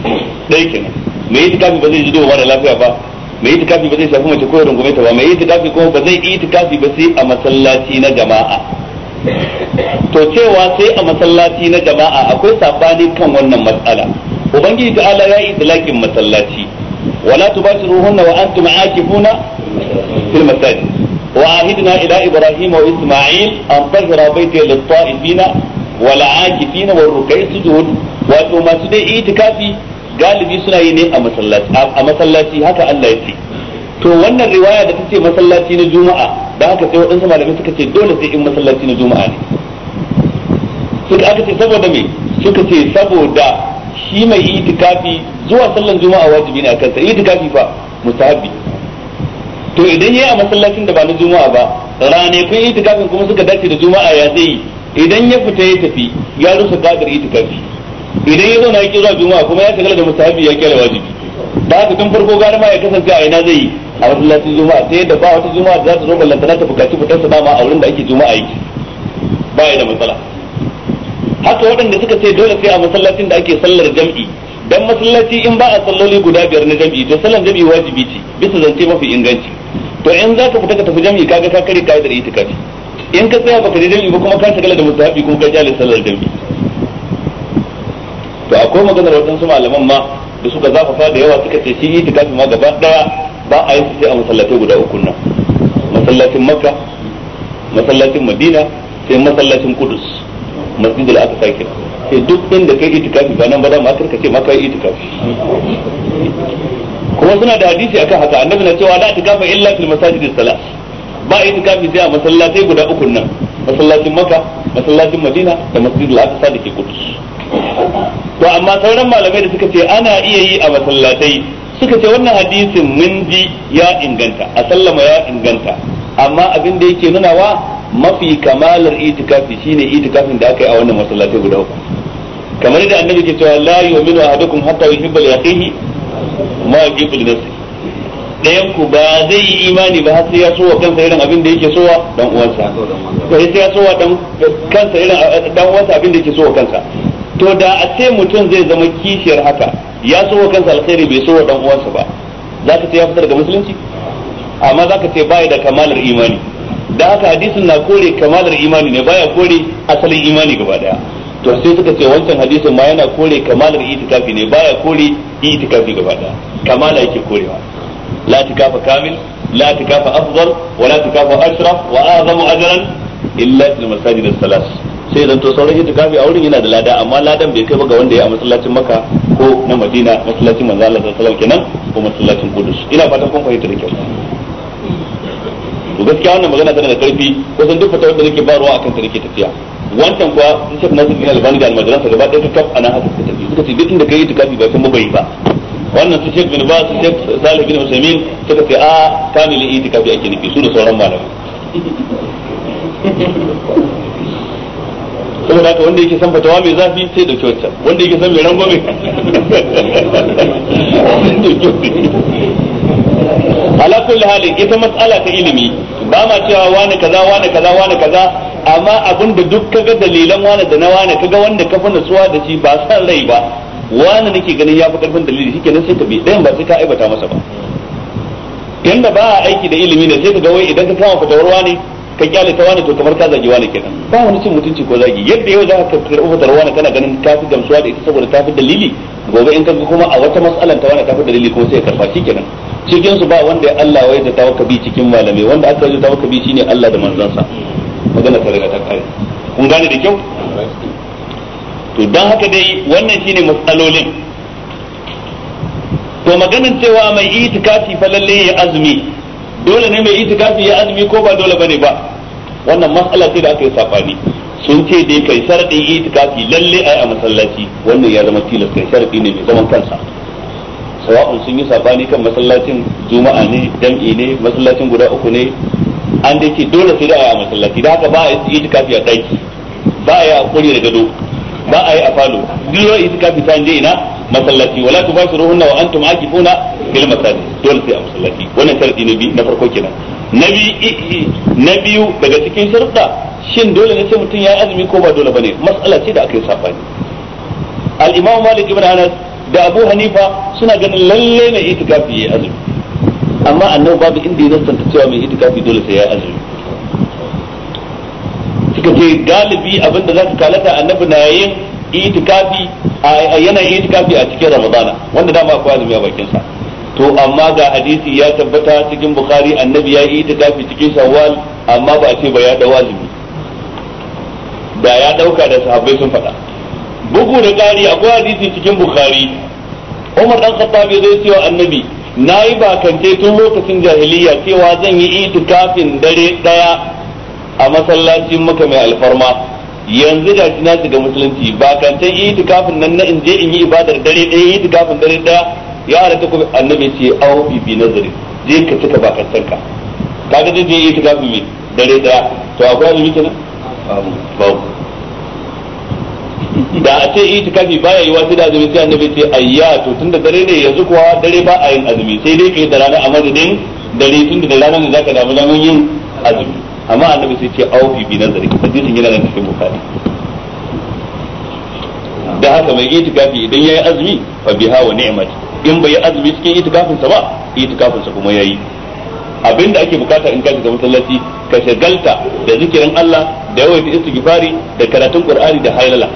dai kenan mai yi tikafi ba zai ji dowa da lafiya ba mai yi tikafi ba zai shafi mace ko rungume ta ba mai yi tikafi kuma ba zai yi tikafi ba sai a masallaci na jama'a to cewa sai a masallaci na jama'a akwai sabani kan wannan matsala ubangiji ta ala ya yi idlakin masallaci wala tubashiruhunna wa antum aakifuna fil masajid وعهدنا إلى إبراهيم وإسماعيل أن طهر بيتي للطائفين والعاكفين والركع السجود wato masu dai itikafi galibi suna yi ne a masallaci a masallaci haka Allah ya to wannan riwaya da tace masallaci na juma'a da haka sai waɗansu malamai suka ce dole sai in masallaci na juma'a ne suka aka ce saboda me suka ce saboda shi mai itikafi zuwa sallan juma'a wajibi ne akan sa itikafi fa mustahabi to idan yayi a masallacin da ba na juma'a ba ranakun itikafin kuma suka dace da juma'a ya zai idan ya fita ya tafi ya rusa kadar itikafi idan ya zauna ya ki zuwa juma'a kuma ya tagala da musahabi ya kira wajibi da haka tun farko gari ma ya kasance a ina zai yi a masallacin juma'a sai da ba wata juma'a za ta zo ballantana ta bukaci fitar sa dama a wurin da ake juma'a yake ba ya da matsala haka waɗanda suka ce dole sai a masallacin da ake sallar jam'i dan masallaci in ba a salloli guda biyar na jam'i to sallan jam'i wajibi ce bisa zance mafi inganci to in za ka fita ka tafi jami'i kaga ka kare kaidar itikafi in ka tsaya baka je jami'i ba kuma ka shagala da mustahabi kuma ka kyale sallar jami'i to akwai maganar waɗansu malaman ma da suka zafafa da yawa suka ce shi itikafi ma gaba daya ba a yi su sai a masallatai guda uku nan masallacin makka masallacin madina sai masallacin kudus masjid al-aqsa kira sai duk inda kai itikafi ba nan ba za mu akarka ce maka yi itikafi kuma suna da hadisi akan haka annabi na cewa la tikafa illa fil masajidis salat ba itikafi sai a masallatai guda uku nan masallacin maka masallacin madina da masjidul aqsa da ke kudus to amma sauran malamai da suka ce ana iya yi a masallatai suka ce wannan hadisin mun ji ya inganta a sallama ya inganta amma abin da yake nunawa mafi kamalar itikafi shine itikafin da aka yi a wannan masallatai guda uku kamar da annabi ke cewa la yu'minu ahadukum hatta yuhibba li akhihi ma yaqibul nafsi dayan ku ba zai yi imani ba har sai ya sowa kansa irin abin da yake sowa dan uwansa ba sai ya sowa dan kansa irin eh, dan uwansa abin da yake sowa kansa to da a ce mutum zai zama kishiyar haka ya sowa kansa alkhairi bai sowa dan uwansa ba zaka ce ya fitar da musulunci amma zaka ce bai da kamalar imani da haka hadisin na kore kamalar imani ne baya kore asalin imani gaba daya to sai suka ce wancan hadisin ma yana kore kamalar itikafi ne baya kore itikafi gaba daya kamala yake korewa la tikafa kamil la tikafa afdal wa la tikafa ashraf wa azamu ajran illa lil masajid salas sai zan to sauran itikafi a wurin yana da lada amma ladan bai kai ba ga wanda ya masallacin makka ko na madina masallacin manzo Allah sallallahu alaihi wasallam kenan ko masallacin kudus ina fatan kun fahimta da kyau to gaskiya wannan magana tana da karfi kusan duk fatawar da nake barwa akan ta nake tafiya wancan kuwa sun shafi nasu bin albani da almajiransa gaba ɗaya ta kaf a nan haka suka tafi suka ce duk inda kai itikafi ba san ba ba wannan su shek bin ba su shek salih bin usaimin suka ce a kamilin itikafi ake nufi su da sauran malamai saboda haka wanda yake san fatawa mai zafi sai da kyautar wanda yake san mai rango mai ala kulli halin ita mas'ala ta ilimi ba ma cewa wani kaza wani kaza wani kaza amma abin da duk kaga dalilan wani da na wani kaga wanda ka fi nutsuwa da shi ba san rai ba wani nake ganin ya fi karfin dalili shi kenan sai ka bi ɗayan ba sai ka aibata masa ba yanda ba a aiki da ilimi ne sai ka ga wai idan ka kama fatawar wani ka kyale ta wani to kamar ka zagi wani kenan ba wani cin mutunci ko zagi yadda yau za ka karɓi fatawar wani kana ganin ta fi gamsuwa da ita saboda ta fi dalili gobe in ka ga kuma a wata mas'alan ta wani ta fi dalili kuma sai ka karfa shi kenan cikinsu su ba wanda Allah wai da bi cikin malamai wanda aka yi bi shine Allah da manzansa magana ta ta kare kun gane da kyau to dan haka dai wannan shine matsalolin to maganin cewa mai itikafi fa lalle ya azumi dole ne mai itikafi ya azumi ko ba dole bane ba wannan matsala ce da aka yi sabani sun ce dai kai sharadin itikafi lalle ai a masallaci wannan ya zama tilas kai sharadi ne mai zaman kansa sawa'un sun yi sabani kan masallacin juma'a ne jam'i ne masallacin guda uku ne an da ce dole sai da a masallaci da haka ba a yi itikafi a daki ba a yi a kuri da gado ba a yi a falo dole itikafi ta je ina masallaci wala tu basu ruhunna wa antum akifuna fil masallaci dole sai a masallaci wannan sharadi na biyu na farko kenan na na biyu daga cikin sharuɗa shin dole ne sai mutum ya yi azumi ko ba dole bane mas'ala ce da aka yi sabani al-imam malik ibn anas da Abu Hanifa suna ganin lalle mai itikafi yayi azumi amma annabi babu inda ya zanta cewa mai itikafi dole sai ya azumi suka ce galibi abinda za ka kalata annabi na yin itikafi yana itikafi a cikin Ramadana wanda dama akwai azumi a bakin to amma ga hadisi ya tabbata cikin Bukhari annabi ya yi itikafi cikin Shawwal amma ba a ce ba ya da wajibi da ya dauka da sahabbai sun faɗa bugu da ƙari akwai hadisi cikin bukhari umar dan khattab ya zai cewa annabi na yi kance tun lokacin jahiliya cewa zan yi itikafin dare ɗaya a masallacin maka mai alfarma yanzu da na shiga musulunci bakantan itikafin nan na in je in yi ibadar dare ɗaya itikafin dare ɗaya ya halatta kuma annabi ce awo bi nazari je ka cika bakantan ka kaga zai je itikafin dare ɗaya to akwai na. ba mu. da a ce itikafi baya yi wasu da azumi sai annabi ce ayya to tun da dare ne yanzu kuwa dare ba a yin azumi sai dai kai da rana a madadin dare tun da rana ne zaka damu damun yin azumi amma annabi sai ce aufi bi nazari hadisin yana da cikin bukari da haka mai itikafi idan yayi azumi fa biha wa ni'mat in bai azumi cikin itikafin sa ba itikafin sa kuma yayi abin da ake bukata in kaji da masallaci ka shagalta da zikirin Allah da yawaita istighfari da karatun Qur'ani da halala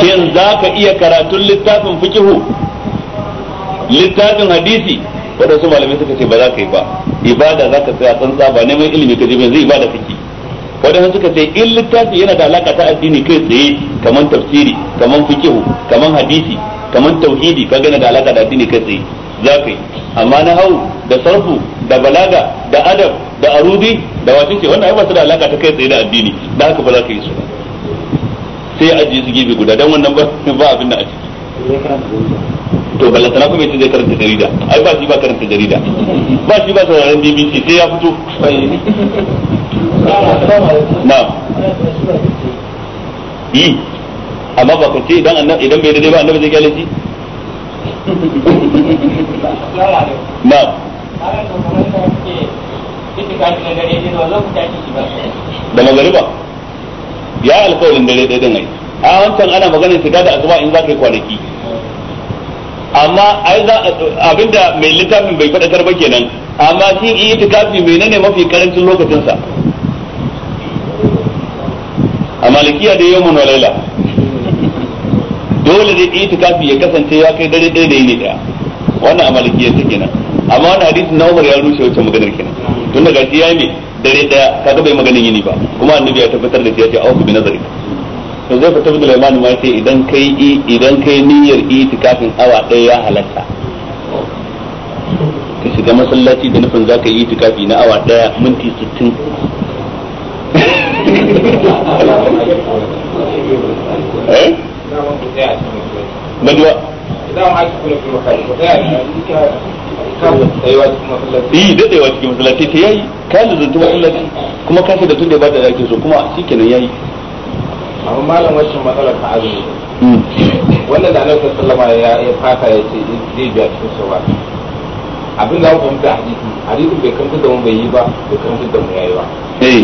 shin za ka iya karatun littafin fikihu littafin hadisi waɗansu malamai suka ce ba za ka yi ba ibada za ka tsaya tsantsa ba neman ilimi ka jibin zai ibada fiki waɗansu suka ce in littafi yana da alaka ta addini kai tsaye kamar tafsiri kamar fikihu kamar hadisi kamar tauhidi ka gana da alaka da addini kai tsaye za ka yi amma na hau da sarfu da balaga da adab da arudi da wacin ce wannan ai ba su da alaka ta kai tsaye da addini da haka ba za ka yi su ba sai ya ajiye su gefe guda dan wannan ba ba abin da a ciki to ballantana kuma yace zai karanta jarida ai ba shi ba karanta jarida ba shi ba sauraron BBC sai ya fito na'am yi amma ba ku ce idan annabi idan bai daidai ba annabi zai kyale shi na'am da magariba ya alƙawarin dare ɗaya din ai a wancan ana maganar shiga da asuba in za ka yi kwanaki amma ai za abinda mai littafin bai faɗakar ba kenan amma shi itikafi menene mafi karancin lokacin sa a malikiya da yawmun walaila dole ne itikafi ya kasance ya kai dare ɗaya da ne ɗaya wannan a malikiya ta kenan amma wani hadisin na Umar ya rushe wacce maganar kenan tun daga shi ya yi dare daya kaga bai maganin yini ba kuma annabi ya tabbatar da shi ya ce auku bi nazari to zai fata da limani ma ce idan kai idan kai niyyar itikafin awa daya ya halatta ka shiga masallaci da nufin zaka yi itikafi na awa daya minti 60 eh yi dadewa cikin masallaci ta yayi ka lizanci masallaci kuma ka da tun da ba da ake so kuma shikenan yayi amma malam wacce matsalar ta azumi hmm. wannan da annabi sallama ya ya fata ya ce eh, zai biya cikin shawa abin da aka mutu hadisi hadisin bai kanta da mu bai yi ba bai kanta da mu yayi ba eh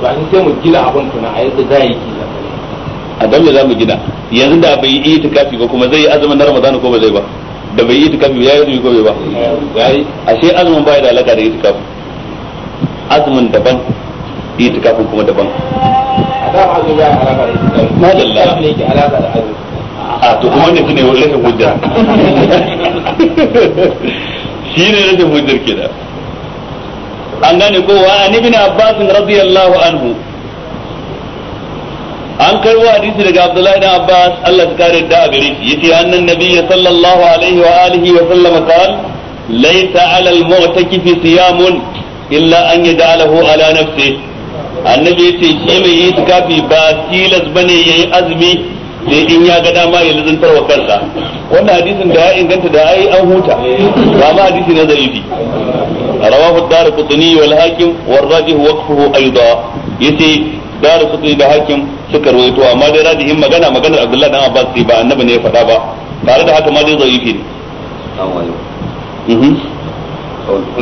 to an sai mu gina abin tuna a yadda za yi ki a dan me za mu gina yanzu da bai yi itikafi ba kuma zai yi azumin na Ramadan ko ba zai ba da bai yi itikafi ya yi azumi ko bai ba ashe azumin baya da alaka da itikafi azumin daban itikafin kuma daban a to kuma ne shine rashin hujja shine rashin hujjar kenan an gane ko wa an ibn radiyallahu anhu an kai wa hadisi daga Abdullahi ibn Abbas Allah ya kare da gare shi yace annan nabiyyi sallallahu alaihi wa alihi wa sallam qal laysa 'ala al-mu'takifi siyamun illa an yaj'alahu ala nafsi annabi yace shi mai itikafi ba tilas bane yayi azumi sai in ya ga dama ya lizantar wa kansa wannan hadisin da ya inganta da ai an huta ba ma hadisi na zaifi rawahu ad-darqutni wal hakim war rajih waqfuhu aidan yace darqutni da hakim suka rawaito amma dai rajihin magana maganar Abdullahi dan Abbas sai ba annabi ne ya faɗa ba tare da haka ma dai zaifi ne mhm.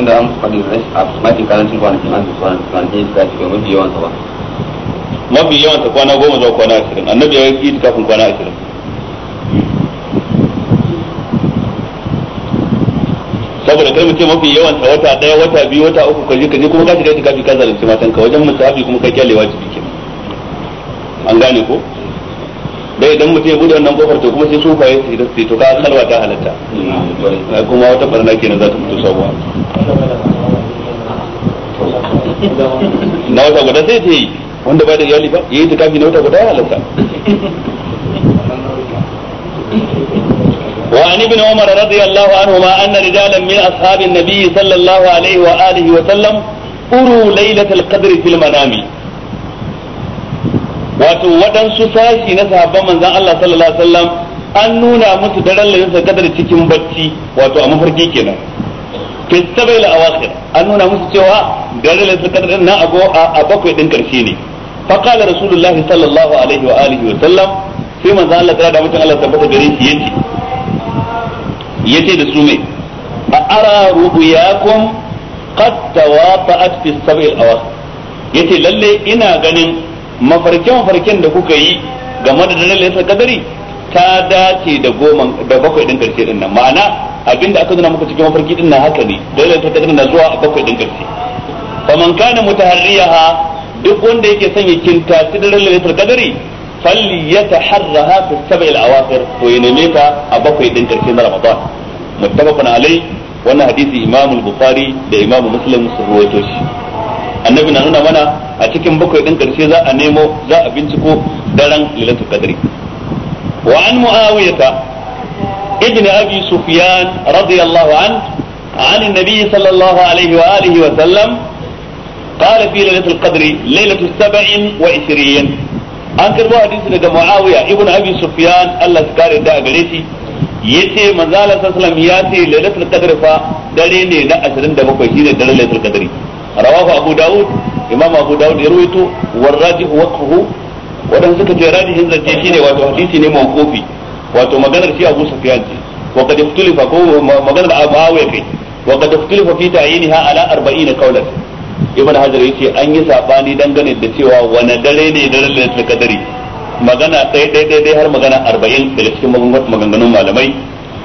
da an mafi karancin kwanakin kwana goma zuwa kwana ashirin annabi ya yi kafin kwana ashirin saboda kar mu ce mafi yawan ta wata daya wata biyu wata uku kaje kaje kuma ka shiga kafi ka zalunci matan ka wajen musahabi kuma ka kyale wajibi kenan an gane ko dai idan mutum ya bude wannan kofar to kuma sai sufaye su da su to ka kalwa ta halatta eh, kuma wata barna kenan za ta fito sabuwa na wata guda sai ta yi wanda ba da iyali ba ta kafi na wata guda ya halatta وعن ابن عمر رضي الله عنهما أن رجالا من أصحاب النبي صلى الله عليه وآله وسلم أروا ليلة القدر في المنام wato waɗansu sashi na sahabban manzan Allah sallallahu alaihi wasallam an nuna musu daren sa kadar cikin bacci wato a mafarki kenan fi sabail awakhir an nuna musu cewa daren sa kadar na ago a bakwai din karshe ne fa qala rasulullahi sallallahu alaihi wa alihi wa sallam sai manzan Allah ta da mutum Allah tabbata gare shi yace yace da su mai a ara rubuyakum qad tawafa'at fi sabail awakhir yace lalle ina ganin mafarken-mafarken da kuka yi game da dalilin sa kadari ta dace da goma da bakwai din karshe din nan ma'ana abinda aka nuna muka cikin mafarki din nan haka ne da ta kadari na zuwa a bakwai din karshe fa man kana mutaharriyaha duk wanda yake son ya kinta ta dalilin ta kadari falli ya taharraha fi sab'il awakhir to ya neme ta a bakwai din karshe na ramadan muttafaqun alai wannan hadisi imamul bukhari da imamu muslim sun rawaito shi annabi na nuna mana a cikin bakwai din karshe za a nemo za a binciko daren lailatul qadri wa an muawiyata ibn abi sufyan radiyallahu an عن النبي صلى الله عليه وآله وسلم قال في ليلة القدر ليلة السبع وعشرين an karbo hadisi daga Muawiya ibn Abi Sufyan Allah ya kare da gare shi yace manzo Allah sallallahu alaihi wasallam ya ce lailatul qadr fa dare ne na 27 shine rawahu abu daud imam abu daud ya ruwaito war rajih waqhu wadanda suka ce ce an yi sabani dangane da cewa wani dare ne daren lailatul qadari har magana 40 daga maganganun malamai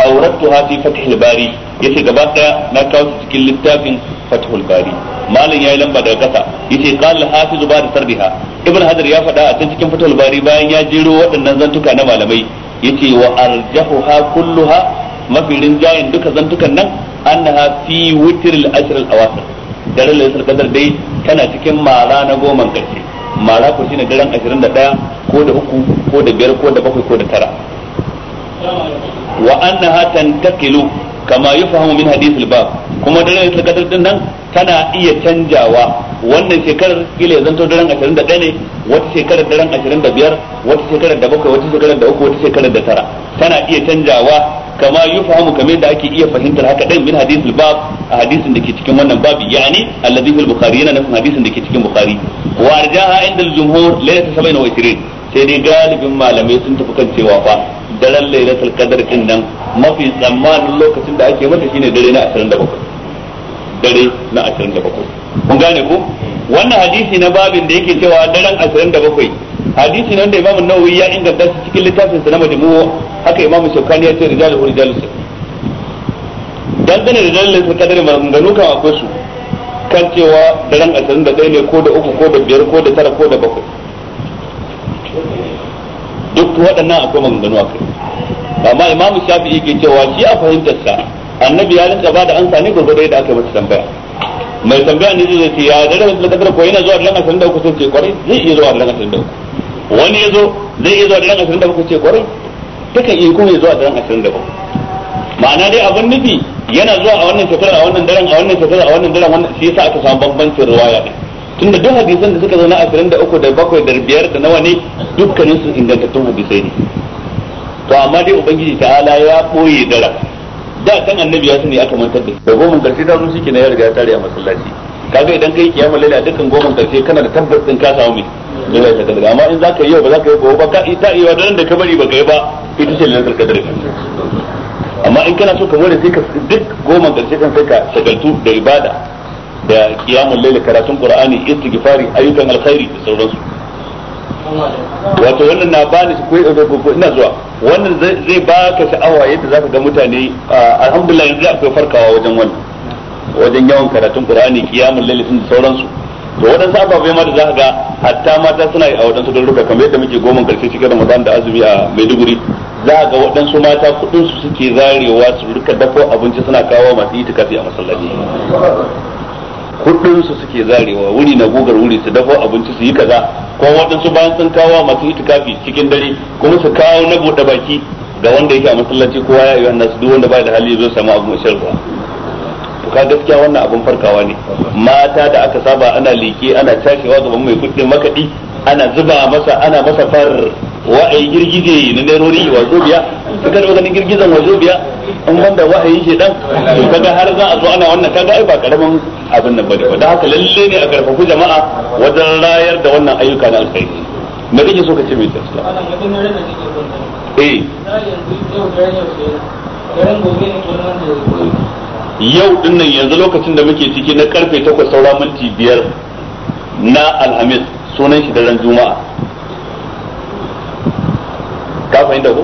awrattuha fi fathil bari yace gaba daya na kawo su cikin littafin fathul bari malam yayi lamba daga kasa yace qala hafiz ba da sardiha ibn hajar ya faɗa a cikin fathul bari bayan ya jiro waɗannan zantuka na malamai yace wa arjahuha kulluha mafi rinjayen duka zantukan nan annaha fi witril ashr al awasir daren lailatul qadar dai tana cikin mara na goman karshe mara ko shine daren 21 ko da uku ko da biyar ko da bakwai ko da tara wa annaha tantaqilu kama yufahamu min hadith al-bab kuma daren al-qadr tana iya canjawa wannan shekarar kila ya zanto daren 21 ne wata shekarar daren 25 wata shekarar da bakwai wata shekarar da uku wata shekarar da tara tana iya canjawa kama yufahamu kamar da ake iya fahimtar haka din min hadith al-bab a hadisin da ke cikin wannan yana nufin hadisin da ke cikin bukhari wa inda sai dai galibin malamai sun tafi kan cewa fa daren lailatul qadar din nan mafi tsammanin lokacin da ake mata shine dare na 27 dare na 27 kun gane ko wannan hadisi na babin da yake cewa daren 27 hadisi nan da imamu nawawi ya inganta shi cikin littafin sa na majmu haka imamu shaukani ya ce rijalul rijal rijalu dan dane da daren lailatul qadar maganganu kan akwai su kan cewa daren 21 ne ko da uku ko da biyar ko da tara ko da bakwai duk waɗannan akwai maganganu akai amma imam shafi'i ke cewa shi a fahimtar sa annabi ya rinka ba da ansa ne gurgurdo yadda aka masa tambaya mai tambaya ne zai ce ya dare da kadar ko yana zuwa da uku sun ce kwarai zai iya zuwa da uku wani wani zo zai iya zuwa da uku ce kwarai take iya kuma zuwa da uku ma'ana dai abin nufi yana zuwa a wannan shekara a wannan daren a wannan shekara a wannan daren wannan shi yasa aka samu bambancin ruwaya ne tunda duk hadisan da suka zo na 23 da 7 da 5 da da nawa ne dukkanin su ingantattun hadisai ne to amma dai ubangiji ta ala ya boye dara da kan annabi ya sani aka mantar da da goma karshe da mun shike na ya riga ya tare a masallaci kaga idan kai kiyamul laila dukkan goma karshe kana da tabbas din ka samu ne da ka daga amma in zaka yi yau ba zaka yi gobe ba ka ita iya daren da ka bari ba kai ba ita ce lalatul qadr amma in kana so ka more sai ka duk goma karshe kan sai ka shagaltu da ibada da kiyamun laila karatun qur'ani istighfari ayyukan alkhairi da sauransu wato wannan na bani ko ina zuwa wannan zai baka sha'awa yadda zaka ga mutane alhamdulillah yanzu akwai farkawa wajen wannan wajen yawan karatun qur'ani kiyamun laila da sauransu to waɗansu ababai ma da za ga hatta mata suna yi a waɗansu ruka kamar yadda muke goma karshe cikin ramadan da azumi a maiduguri za ga waɗansu mata kuɗinsu suke zarewa su rika dafo abinci suna kawo masu tukafi a masallaci kudin su suke zarewa wuri na gogar wuri su dafa abinci su yi kaza ko waɗansu bayan sun kawo masu itikafi cikin dare kuma su kawo na buɗe baki ga wanda yake a masallaci kowa ya yi nasu duk wanda ba da hali zo samu abin ishar ruwa to ka gaskiya wannan abin farkawa ne mata da aka saba ana liƙe ana tashewa gaban mai kudi makaɗi ana zuba masa ana masa far wa'ai girgije na nerori wa zubiya. ka ga wani girgizan wazo biya in banda wahayin shedan to kaga har za a zo ana wannan kaga ai ba karaman abin nan bane ba da haka lalle ne a karfafu jama'a wajen rayar da wannan ayyuka na alkhairi me kake so ka ce mai tsaka eh yau din nan yanzu lokacin da muke ciki na karfe 8 saura minti 5 na alhamis sunan shi daren juma'a ka fahimta ko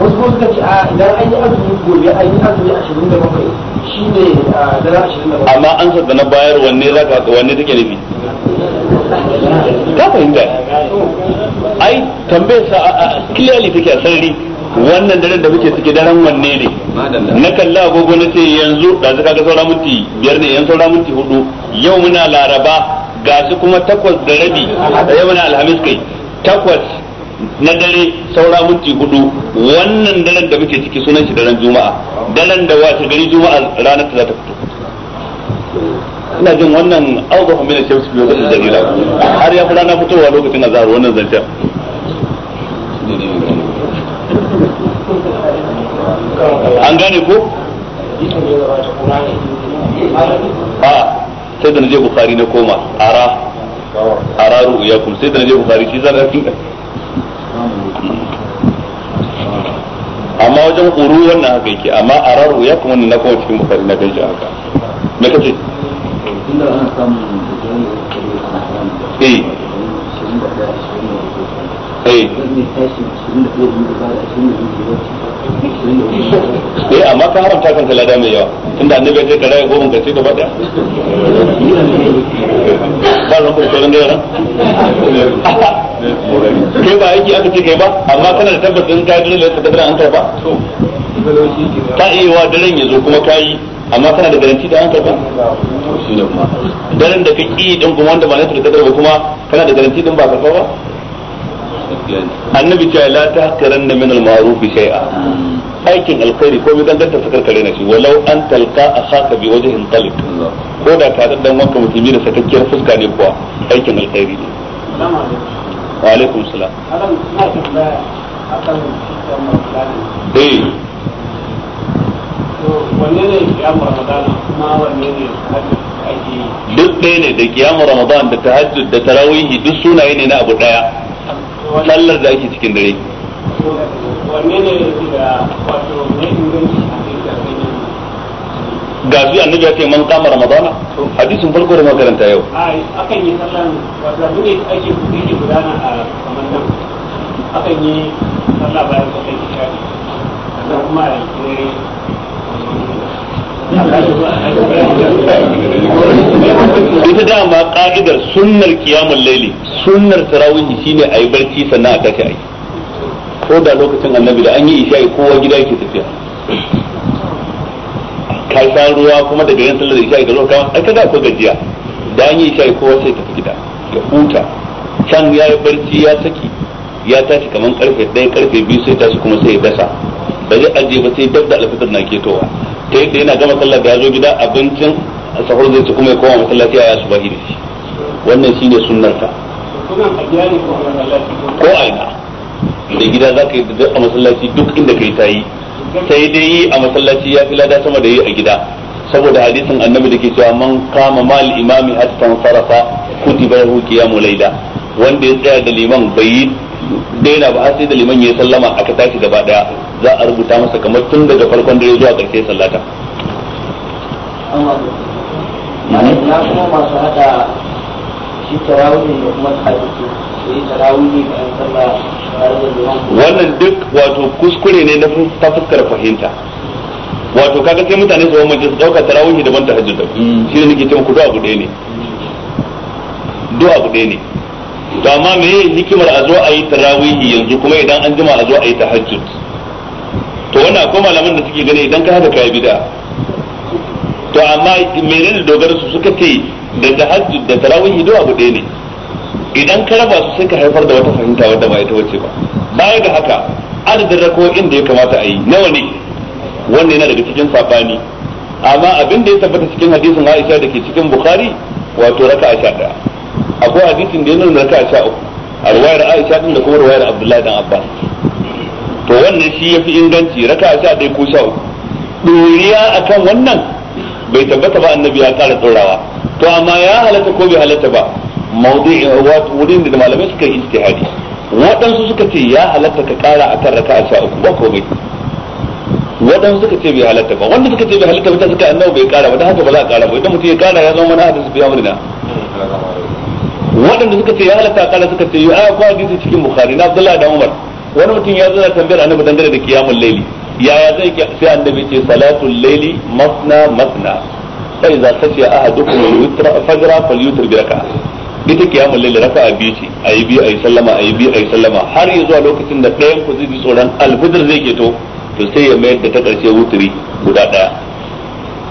wasu kuma suka ce a idan an yi azumi gobe an yi azumi ashirin da bakwai shi ne dara ashirin da bakwai amma an sa na bayar wanne za ka wanne take nufi ta fahimta ai tambayar sa clearly take a sarari wannan daren da muke ciki daren wanne ne na kalla agogo na ce yanzu da zaka ga saura minti biyar ne yan saura minti hudu yau muna laraba gashi kuma takwas da rabi da yau muna alhamis kai takwas na dare saura minti hudu wannan daren da muke ciki sunan shi daren juma'a daren da wata gari juma'a ranar ta za ta fito ina jin wannan auzahu min ash-shams bi wajhi dalila har ya fara na fitowa lokacin azhar wannan zancen an gane ko a sai da je bukhari na koma ara ara ru'yakum sai da je bukari shi zan amma wajen uru wannan haka yake amma a raru ya kuma na kuma cikin bukari na gaishe haka me kace eh. eh eh amma ka haramta kan kalada mai yawa tunda annabi ya ce ka raya goma ka ce gaba daya ba ran ko ran da yaran kai ba aiki aka ce kai ba amma kana da tabbacin ka dole ka tabbata an karba ta iya wa daren ya zo kuma yi amma kana da garanti da an karba shi ne kuma daren da kake din kuma wanda ba na tarkadar ba kuma kana da garanti din ba karba ba annabi cewa la minal min al-ma'ruf shay'a aikin alkhairi ko mai danganta ta karkare na shi walau an talqa akhaka bi wajhin talib ko da ka dan wanka mutumi da sakakkiyar fuska ne kuwa aikin alkhairi ne wa alaikum salam eh duk ɗaya ne da kiyamu ramadan da tahajjud da tarawihi duk sunaye ne na abu ɗaya sallar da ake cikin dare wanne ne da wato ne inganci ga zuwa annabi ya ce man kama ramadana hadisin farko da makaranta yau akan yi sallan wato abin da ake kuɗi gudana a kamar nan akan yi sallah bayan sallan isha sannan kuma a yi ita dama ka'idar sunnar kiyamun laili sunnar tarawihi shine a yi barci sannan a tashi a yi ko da lokacin annabi da an yi isha'i kowa gida yake tafiya ka sha ruwa kuma daga yin sallar isha ga lokacin ai kaga ko gajiya dan yi isha kowa sai tafi gida ya huta can ya yi barci ya saki ya tashi kamar karfe 1 karfe biyu sai tashi kuma sai ya dasa ba zai ajiye ba sai dabda da alfitar na ketowa ta yadda yana gama sallar da ya zo gida abincin sahur zai ci kuma ya koma masallaci a yasu bahi da shi wannan shine sunnarsa ko aina da gida zaka ka yi da masallaci duk inda ka yi ta yi sai dai yi a masallaci ya fi lada sama da yi a gida saboda hadisin annabi da ke cewa man kama mal imami hatta sarafa kutiba lahu qiyamu layla wanda ya tsaya da liman bai yi daina ba sai da liman ya sallama aka tashi gaba daya za a rubuta masa kamar tun daga farkon dare zuwa karshe sallata na kuma masu hada shi tarawih kuma sallah wannan duk wato kuskure ne na ta fuskar fahimta wato kaga sai mutane su wamma su dauka tarawihi daban ta hajjud mm. shi ne nake cewa ku do abu ɗaya ne do abu ɗaya ne to amma me yake hikimar a zo a yi tarawihi yanzu kuma idan an jima a zo a yi tahajjud to wannan akwai malaman da suke gani idan ka hada kayi bid'a to amma menene dogara su suka ce da ta da tarawihi do abu ɗaya ne idan ka raba su sai ka haifar da wata fahimta wadda ba ita wace ba baya ga haka adadin rako inda ya kamata a yi nawa ne wannan yana daga cikin sabani amma abin da ya tabbata cikin hadisin Aisha da ke cikin Bukhari wato raka'a sha daya akwai hadisin da ya nuna raka sha uku a ruwayar Aisha din da kuma ruwayar Abdullahi dan Abbas to wannan shi yafi inganci raka sha daya ko sha uku akan wannan bai tabbata ba annabi ya kara tsorawa to amma ya halatta ko bai halatta ba mawdu'i wato wurin da malamai suka yi ijtihadi waɗansu suka ce ya halatta ka ƙara akan raka'a sha uku ba komai waɗansu suka ce bai halatta ba wanda suka ce bai halatta ba suka annabi bai ƙara ba dan haka ba za a ƙara ba idan mutum ya ƙara ya zama mana hadisi bi amrina waɗanda suka ce ya halatta ƙara suka ce ya ko hadisi cikin bukhari na abdullahi da umar wani mutum ya zo tambayar annabi dangane da kiyamul laili yaya zai sai annabi ce salatul laili masna masna fa idza khashiya ahadukum al-witra fajra falyutir bi rak'a ita kiyamul layl raka'a biyu ce ayi biyu ayi sallama ayi biyu ayi sallama har ya zuwa lokacin da ɗayan ku zai ji tsoron alfudur zai ke to sai ya mayar da ta ƙarshe wuturi guda ɗaya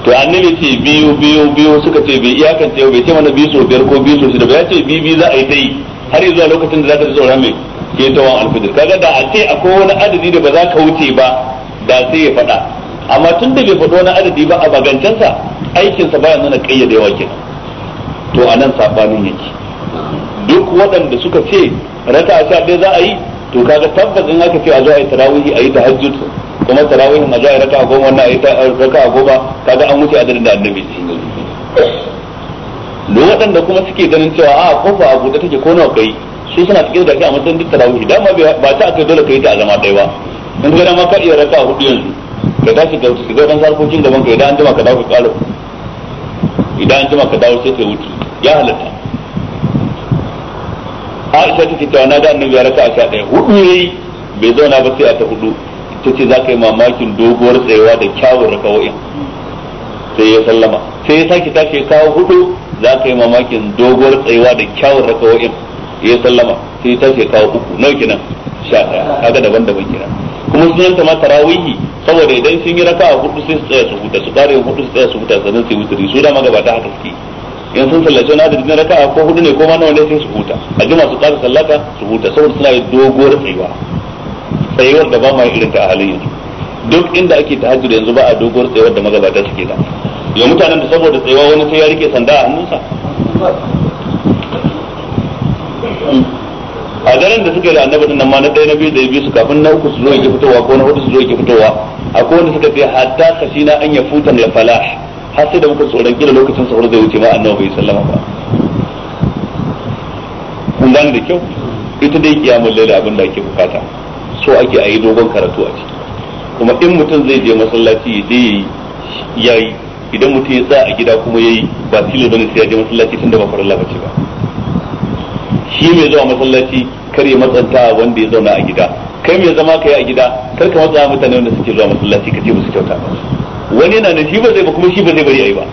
to annabi ce biyu biyu biyu suka ce bai iyakance bai ce mana biyu so biyar ko biyu so shida ba ya ce biyu biyu za a yi ta yi har ya zuwa lokacin da za ka ji tsoron mai wani alfudur kaga da a ce akwai wani adadi da ba za ka wuce ba da sai ya faɗa amma tun da bai faɗo wani adadi ba a bagancensa aikinsa baya nuna ƙayyade yawa kenan to anan sabanin yake duk waɗanda suka ce raka sha za a yi to kaga tabbas aka ce a zo a yi tarawihi a yi tahajjud kuma tarawihi a zo a yi raka goma wannan a yi raka goma kaga an wuce adadin da annabi da waɗanda kuma suke ganin cewa a kofa a buɗe take ko nawa kai su suna cikin da a matsayin duk tarawihi dama ba ta aka dole kai ta a zama ɗaya ba in ga ma ka iya raka hudu yanzu ka tashi ka wuce ga wadansu sarkokin gaban ka idan an jima ka dawo ka kalo idan an jima ka dawo sai ka wuce ya halatta Aisha take cewa na da annabi ya raka a ɗaya hudu yayi bai zauna ba sai a ta hudu ce za ka yi mamakin doguwar tsayawa da kyawun raka'o'in sai ya sallama sai ya sake tashi ya kawo hudu za ka yi mamakin doguwar tsayawa da kyawun raka'o'in ya sallama sai ya tashi ya kawo uku nawa kenan sha ɗaya kaga daban-daban kenan kuma sunan ta ma tarawihi saboda idan sun yi raka'a hudu sai su tsaya su huta su kare hudu su tsaya su huta sannan sai wuturi su da magabata haka suke in sun sallace na adadin raka ko hudu ne ko ma nawa ne sai su huta a jima su kasa sallata su huta saboda suna yin doguwar tsayuwa tsayuwar da ba ma irin ta a halin yanzu duk inda ake tahajjud yanzu ba a doguwar tsayuwar da magabata suke da ya mutanen da saboda tsayuwa wani sai ya rike sanda a hannunsa a daren da suka yi da annabi din nan ma na ɗaya na biyu da biyu su kafin na uku su zo yake fitowa ko na hudu su zo yake fitowa akwai wanda suka ce hatta kashina an ya futan ya falah har sai da muka tsoron kila lokacin sahur zai wuce a annabi bai sallama ba kun gane da kyau ita dai kiyamul laila abin da ake bukata so ake a yi dogon karatu a ciki kuma in mutum zai je masallaci ya je ya yi idan mutum ya tsaya a gida kuma ya yi ba tilo bane sai ya je masallaci tunda ba farilla bace ba shi mai zuwa masallaci kar ya matsanta wanda ya zauna a gida kai mai zama yi a gida kar ka matsa mutane wanda suke zuwa masallaci ka ce musu kyauta ba wani yana da shi ba zai ba kuma shi ba zai bari yi ba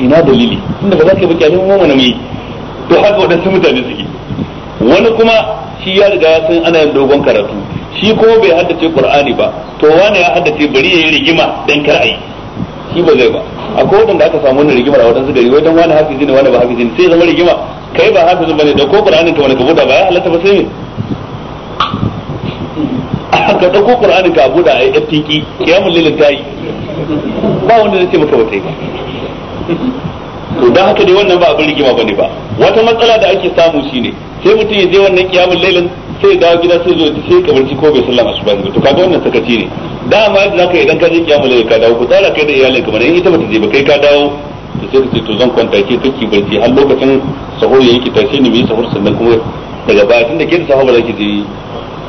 ina dalili tunda ba za ka yi ba kyalin mu mana mai to haka waɗansu mutane suke wani kuma shi ya riga ya san ana yin dogon karatu shi kuma bai haddace qur'ani ba to wani ya haddace bari ya yi rigima dan kar ayi shi ba zai ba akwai wanda aka samu wannan rigimar a waɗansu gari wajen wani hafizi ne wani ba hafizi ne sai zama rigima kai ba hafizin bane da ko qur'anin ka wani ka buɗa ba ya halatta ba sai me ka dauko qur'anin ka buɗa a yi FTK kiyamul lilin yi. ba wanda zai ce maka wata ba to dan haka dai wannan ba abin rigima bane ba wata matsala da ake samu shine sai mutum ya je wannan kiyamul lailin sai dawo gida sai zo sai kabarci ko bai sallama su ba to kaga wannan sakaci ne dama yadda zaka idan ka je kiyamul lailin ka dawo ku tsara kai da iyalin kamar in ita bata je ba kai ka dawo to sai ka ce to zan kwanta ke kake barci har lokacin sahur ya yake tashi ne mai sahur sannan kuma daga baya tunda ke da sahur ba zaki je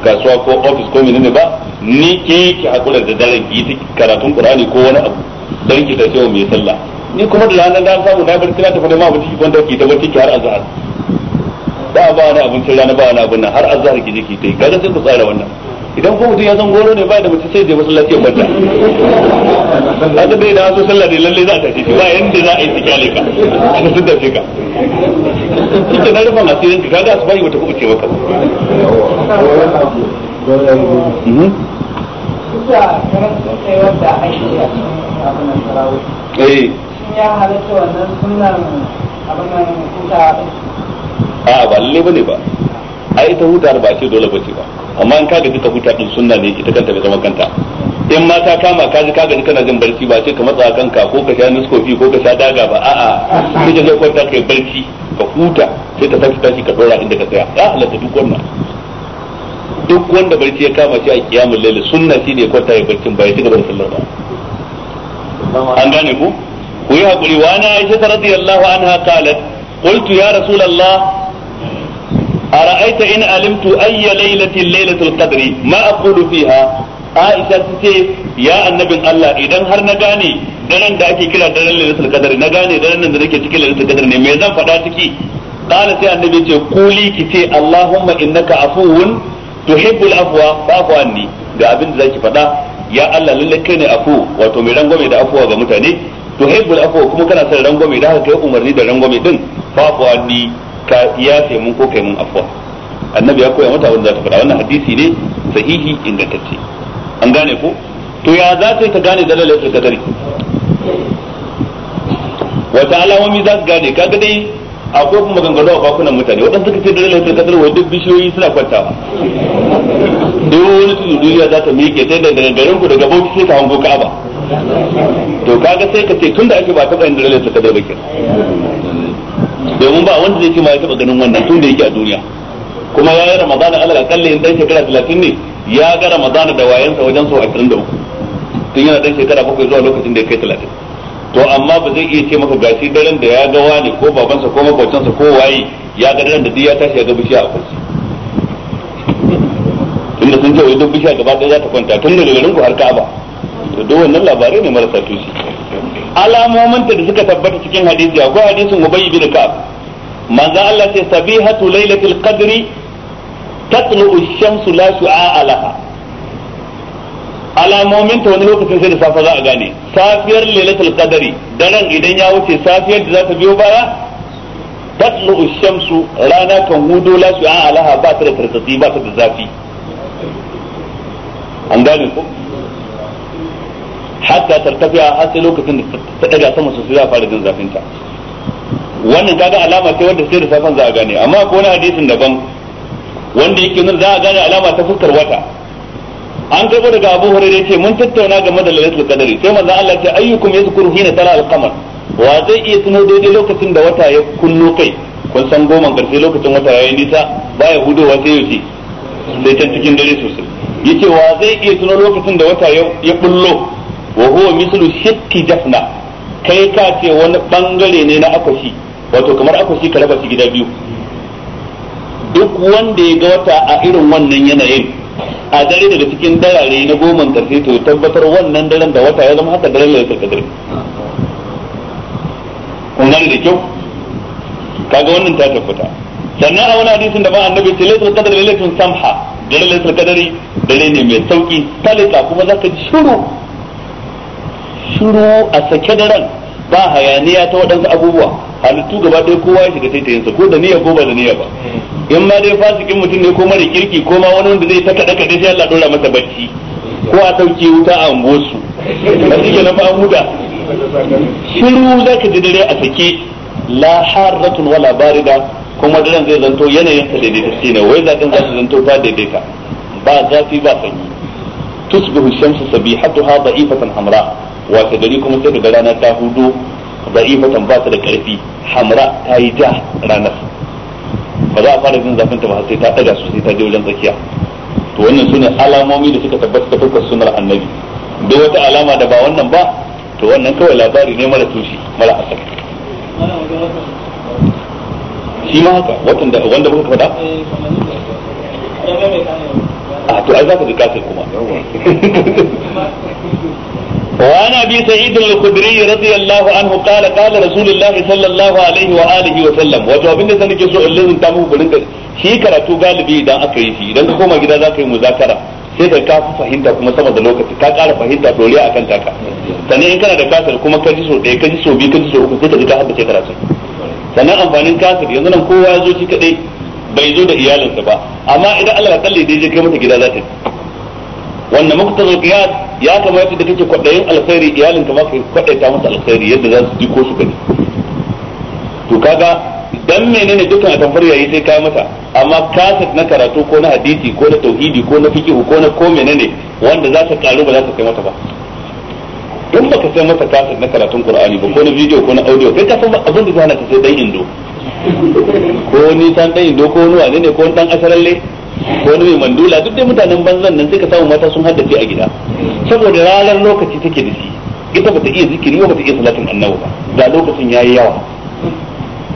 kasuwa ko office ko menene ba ni ke ki hakura da daren ki ta karatun qur'ani ko wani abu dan ki tafi mai sallah ni kuma da ranar da samu na bar kira ta fada ma abu ki banda ki ta barci ki har azhar da ba wani abincin rana ba wani abun nan har azhar ki je ki tai kaga sai ku tsara wannan idan ko mutum ya san goro ne ba da mace sai je masallaci ya mata haka dai da wasu sallah dai lalle za ta tafi ba yanda za a yi tikale ka aka sun dafe ka kike na rufan asirin ka kaga asibari wata kuma ce maka Eh. a ba lalle bane ba a ita hutar ba ce dole ce ba amma in ka gaji ka huta din sunna ne ita kanta bai zama kanta in ma ta kama ka ji ka gaji kana jin barci ba ce ka matsa kanka ko ka sha nuskofi ko ka sha daga ba a'a kike zai kwanta kai barci ka huta sai ka tafi tashi ka dora inda ka tsaya ya halatta duk wannan duk wanda barci ya kama shi a kiyamul laili sunna shine kwanta ya barcin bai ya ci gaba da sallar ba an gane ku ku yi hakuri wa aisha radiyallahu qultu ya Aisha ta ce ya annabin Allah idan har na gane daren da ake kira daren lailatul na gane daren nan da nake cikin lailatul ne me zan faɗa ciki qala sai annabi ce kuli ki Allahumma innaka afuwun tuhibbul afwa fa'fu anni ga abin da zaki faɗa ya Allah lalle kai ne afu wato mai rangwame da afuwa ga mutane tuhibbul afwa kuma kana son rangwame da haka kai umarni da rangwame din fa'fu anni ka ya ce mun ko kai mun afwa annabi ya koya mata da ta faɗa wannan hadisi ne sahihi ingantacce an gane ko to ya za ta ta gane dalilin kadari wata alamomi za su gane ka dai akwai kuma maganganu a bakunan mutane waɗanda suka ce dole sai kasar wajen bishiyoyi suna kwanta duk wani duniya za ta miƙe sai daga garin ku daga bauchi sai ka hango ka'aba to kaga sai ka ce da ake ba taɓa yin dole sai kadar bakin domin ba wanda zai ce ma ya taɓa ganin wannan tun da yake a duniya kuma ya yi ramadana alal akalli in dan shekara talatin ne ya ga ramadana da wayansa wajen sau ashirin da uku tun yana dan shekara bakwai zuwa lokacin da ya kai talatin to amma ba zai iya ce maka gashi daren da ya ga wani ko babansa ko makwacinsa ko waye ya ga daren da duk ya tashi ya ga bishiya a kursi inda sun ce wai duk bishiya gaba ɗaya za ta kwanta tun daga garin ku har ka'aba to duk wannan labarai ne marasa tushe alamomin da suka tabbata cikin hadisi akwai hadisin Ubay ibn Ka'ab manzo Allah ce sabihatu lailatul qadri tatlu ash-shamsu la shu'a alamomin ta wani lokacin sai da safa za a gane safiyar lailatul qadari daren idan ya wuce safiyar da za ta biyo baya tatlu shamsu rana kan hudo la su an alaha ba ta da tarkatsi ba ta da zafi an gane ko hatta tartafiya har sai lokacin da ta daga sama sosai za a fara jin zafin ta wannan kaga alama ce wanda sai da safan za a gane amma ko wani hadisin daban wanda yake nan za a gane alama ta fuskar wata an gaba daga abu hurairah ce mun tattauna game da lailatul qadari sai manzon Allah ya ce ayyukum yazkuru hina tala al-qamar wa zai iya tuno daidai lokacin da wata ya kullo kai kun san goma karshe lokacin wata yayin nisa baya hudowa sai yaushe sai can cikin dare sosai yace wa zai iya tuno lokacin da wata ya kullo wa huwa mislu shakki jafna kai ka ce wani bangare ne na akwashi wato kamar akwashi ka raba shi gida biyu duk wanda ya ga wata a irin wannan yanayin a dare daga cikin darare na goma karfe to tabbatar wannan daren da wata ya zama haka daren lailatul qadr kun kuma da kyau kaga wannan ta tabbata sannan a wani hadisin da ba annabi ce lailatul qadr lailatul samha dare lailatul qadri dare ne mai sauki talika kuma zaka ji shiru shiru a sake daren ba hayaniya ta waɗansu abubuwa halittu gaba ɗaya kowa ya shiga taitayinsa ko da niyya ko ba da niyya ba hmm. in ma dai fasikin mutum ne ko mara kirki ko ma wani wanda zai ta kaɗa kaɗe sai Allah ɗora masa bacci ko a sauke wuta a angosu ba shi ke nafa huda shiru za ka ji dare a sake la harratun wala barida kuma daren zai zanto yanayin ta daidaita shi ne wai zaɗin za su zanto ta daidaita ba zafi ba sanyi tusbihu shamsu sabihatuha da'ifatan hamra wato gari kuma sai daga rana ta hudu da'ifatan ba ta da karfi hamra ta yi ja ranar ba za a fara jin zafin ta ba sai ta daga su sai ta je wajen tsakiya to wannan sune alamomi da suka tabbata da sunar annabi da wata alama da ba wannan ba to wannan kawai labari ne mara tushe mara asali shi ma haka watan da wanda muka faɗa a to ai za ka ji kuma وعن ابي سعيد الخدري رضي الله عنه قال قال رسول الله صلى الله عليه واله وسلم wato abinda sai nake so in lazunta شي كراتو غالبي اذا karatu galibi اذا كوما غدا shi مذاكره sai ka kafa fahimta kuma sama da lokaci ka kara fahimta a akan taka sannan in kana da kasar kuma ka ji so ɗaya ka ji so biyu ka ji so uku sai ka ji ka ce karatu sannan amfanin kasar yanzu nan kowa ya zo shi kaɗai bai zo da iyalinsa ba amma idan Allah ya kalle dai je kai mata gida za ta wanda muktazal qiyas ya kamata yadda kake kwadayin alkhairi iyalin ka maka kwadaita musu alkhairi yadda za su ji ko su gani to kaga dan menene dukkan atamfar yayi sai kai mata amma kasat na karatu ko na hadisi ko na tauhidi ko na fiqh ko na ko menene wanda za ta karu ba za ta kai mata ba in baka sai mata kasat na karatun qur'ani ba ko na video ko na audio kai ka san abin da zana ka sai dan indo ko ni san dan indo ko wani ne ko dan asaralle ko wani mai mandula duk dai mutanen banzan nan sai ka samu mata sun haddace a gida saboda ranar lokaci take da shi ita bata iya zikiri ba bata iya salatin annabi ba ga lokacin yayi yawa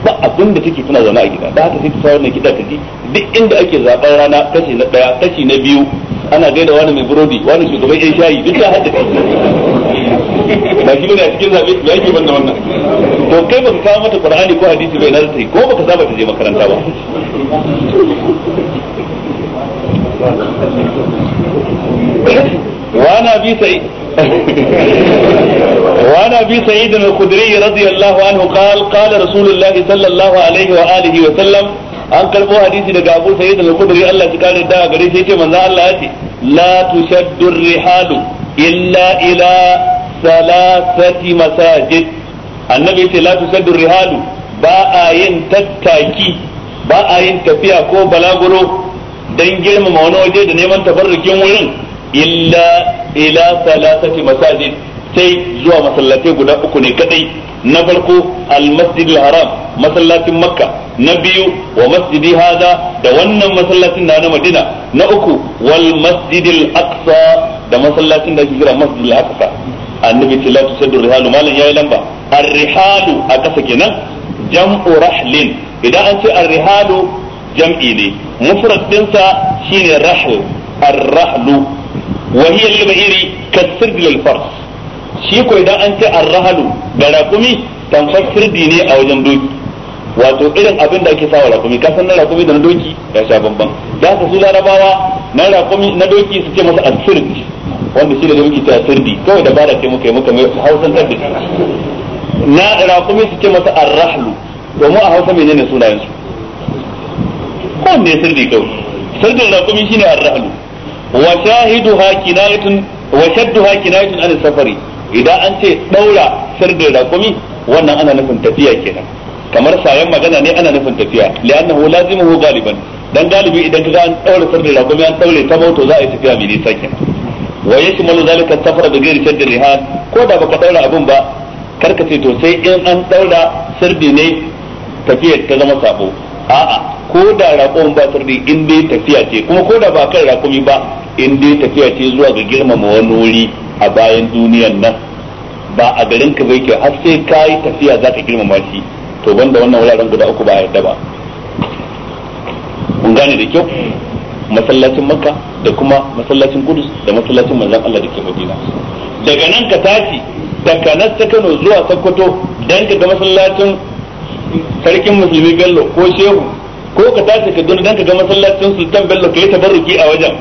ba abin da take tana zaune a gida da haka sai ta sa wannan gida ta ji duk inda ake zaben rana kashi na daya kashi na biyu ana gaida wani mai burodi wani shugaban yan shayi duk da haddace ba shi ne a cikin zabe ba yake banda wannan to kai baka kawo mata qur'ani ko hadisi bai na ta yi ko baka saba ta je makaranta ba وعن ابي سعيد وعن ابي سعيد الخدري رضي الله عنه قال قال رسول الله صلى الله عليه واله وسلم an karbo hadisi daga Abu Sa'id al-Khudri Allah ya kare da gare shi yake manzo Allah ya la tushaddu rihalu illa ila salasati masajid annabi ce la tushaddu rihalu ba a yin tattaki ba a yin tafiya ko balaguro dan girmama wani waje da neman tabarrukin wurin illa ila salasati masajid sai zuwa masallatai guda uku ne kadai na farko al haram masallacin makka na biyu wa masjidi hada da wannan masallacin da na madina na uku wal masjid aqsa da masallacin da ake kira masjid al-aqsa annabi ce la rihalu malan yayi lamba ar-rihalu a kasa kenan jam'u rahlin idan an ce ar-rihalu jam'i ne mufrad dinsa shine rahl ar-rahlu wa hiya al-ba'iri kasird al-fars shi ko idan an ce ar-rahlu da raqumi fa sirdi ne a wajen doki wato irin abin da ake sawa raqumi ka san na rakumi da na doki ya sha bamban da ka su larabawa na raqumi na doki su masa asirdi wanda shi da doki ta sirdi kawai da bada ke muka yi muka mai hausan tabbata na raqumi su masa masa arrahlu domin a hausa menene sunayen su kowanne ne sirri kawai sirrin rakumi shine ar-rahlu wa shahiduha kinayatun wa shadduha kinayatun an safari idan an ce daura sirrin rakumi wannan ana nufin tafiya kenan kamar sayan magana ne ana nufin tafiya li'annahu lazimuhu galiban dan galibi idan kaga an daura sirrin rakumi an daure ta moto za a yi tafiya mai nisa kenan wa yashmalu zalika safara bi ghairi shaddi rihan ko da baka daura abun ba karka ce to sai in an daura sirri ne tafiyar ta zama sabo a'a ko da raƙon ba turdi in dai tafiya ce kuma ko da ba kan rakumi ba in dai tafiya ce zuwa ga girmama wani wuri a bayan duniyan nan ba a garin ka bai kyau har sai ka yi tafiya za ka girmama shi to banda wannan wuraren guda uku ba a yarda ba mun gane da kyau masallacin makka da kuma masallacin kudus da masallacin manzon Allah da ke madina daga nan ka tashi daga nan ta kano zuwa sokoto dan ka ga masallacin sarkin musulmi bello ko shehu ko ka tashi kaduna dan ka ga masallacin sultan bello ka yi tabarruki a wajen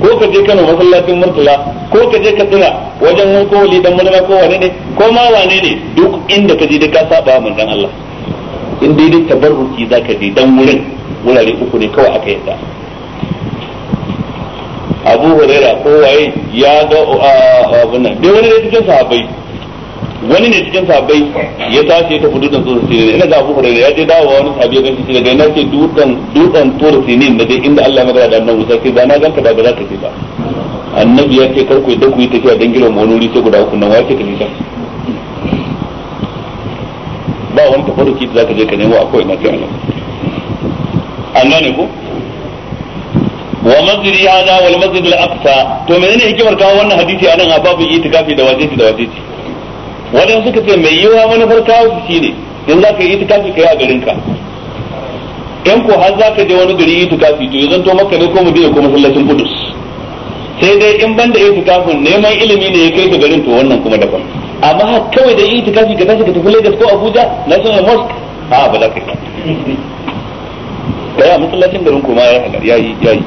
ko ka je kano masallacin murtala ko ka je katsina wajen wani ko wali dan malama ko wane ne ko ma wane ne duk inda ka je da ka saba mu dan Allah in dai dai tabarruki zaka je dan wurin wurare uku ne kawai aka yadda Abu hurairah ko waye ya ga ah, abun nan dai wani ne cikin sahabbai wani ne cikin sabai ya tashi ya tafi dutsen tsoro sinin ina ga Abu Hurairah ya je dawowa wani sahabi ya ganci daga ina ce dutsen dutsen tsoro sinin da dai inda Allah magana da annabi sai ba na ganka da ba za ka ce ba annabi ya ce kar ku da ku yi tafiya dan gidan wani wuri sai guda uku nan wace ka nisa ba wani tafaruki da ka je ka nemo akwai na kai an ne ko wa masjidi hada wal masjid al aqsa to menene hikimar kawo wannan hadisi anan a babu itikafi da wajibi da wajibi wadan suka ce mai yiwa manufar kawo su ne in za ka yi ita kafi kai a garin ka in ko har za ka je wani gari yi itikafi to yanzu to maka ne ko mu madina ko masallacin kudus sai dai in banda kafin neman ilimi ne ya kai ka garin to wannan kuma daban amma har kawai da yi ita kafi ka tashi ka tafi Lagos ko Abuja National Mosque a ba za ka yi ba kai a masallacin garin kuma ya yi ya yi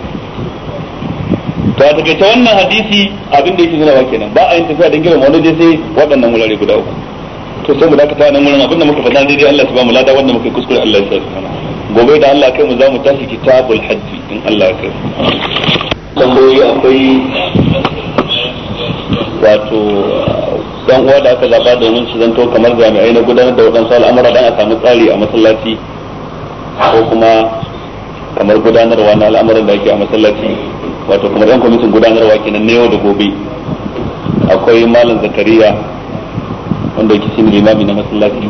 to a takaice wannan hadisi abin da yake nuna kenan ba a yin tafiya don girma wani sai waɗannan wurare guda uku to sai mu dakata nan wurin abin da muka faɗa daidai Allah subhanahu wa ta'ala wanda muka kuskure Allah ya sa gobe da Allah kai mu za mu tashi kitabul hajji in Allah ya kai tambayoyi akwai wato dan uwa da aka zaba domin su zanto kamar jami'ai na gudanar da waɗansu al'amura dan a samu tsari a masallaci ko kuma kamar gudanarwa na al'amuran da ake a masallaci wato kamar yan kwamitin gudanarwa kenan na yau da gobe akwai malam zakariya wanda yake shine limami na masallaci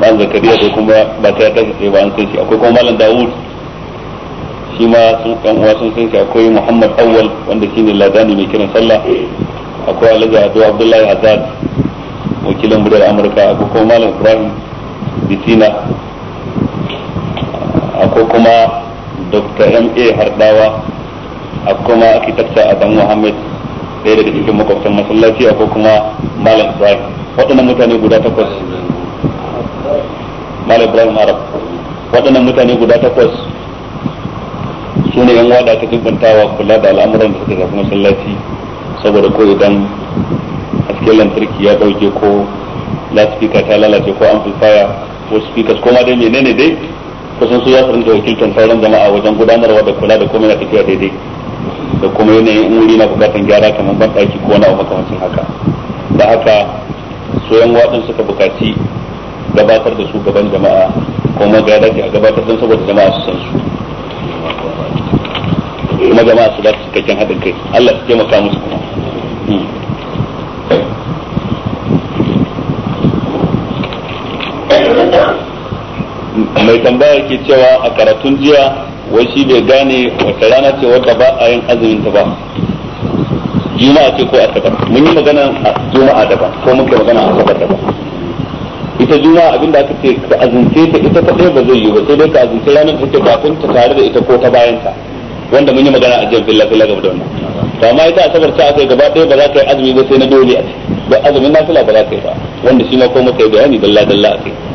malam zakariya da kuma ba ta ya tashi ba an san shi akwai kuma malam dawud shi ma sun kan uwa sun san shi akwai muhammad awwal wanda shine ladani mai kiran sallah akwai alhaji ado abdullahi azad wakilin buɗar amurka akwai kuma malam ibrahim bitina akwai kuma dr ma harɗawa a kuma a dan Muhammad ɗaya daga cikin makwabtan masallaci ko kuma Malam Ibrahim waɗannan mutane guda takwas Malam Ibrahim Arab waɗannan mutane guda takwas su ne 'yan wada ta dubbantawa kula da al'amuran da suka zafi masallaci saboda ko idan hasken lantarki ya ɗauke ko laspika ta lalace ko amplifier ko speakers ko ma dai menene dai kusan su ya farin da wakiltar sauran jama'a wajen gudanarwa da kula da komai na tafiya daidai da kuma yanayin wuri na bukatan gyara kamar ban ɗaki ko na abu wancan haka da haka soyan waɗin suka bukaci gabatar da su gaban jama'a kuma ga dace a gabatar don saboda jama'a su san su kuma jama'a su dace cikakken haɗin kai Allah su taimaka musu kuma hmm. mai tambaya ke cewa a karatun jiya wai shi bai gane wata rana ce wadda ba a yin azumin ta ba juma'a ce ko asabar mun yi magana a da ba ko muke magana a da ba ita juma'a abinda aka ce ka azumce ta ita ta ba zai yi ba sai dai ka azumce ranar ita take kafin ta tare da ita ko ta bayan ta wanda mun yi magana a jiyar filla filla game da wannan to amma ita asabar ta aka yi gaba ɗaya ba za ka yi azumi ba sai na dole a ba azumin nafila ba za ka yi ba wanda shi ma ko muka yi bayani dalla dalla a kai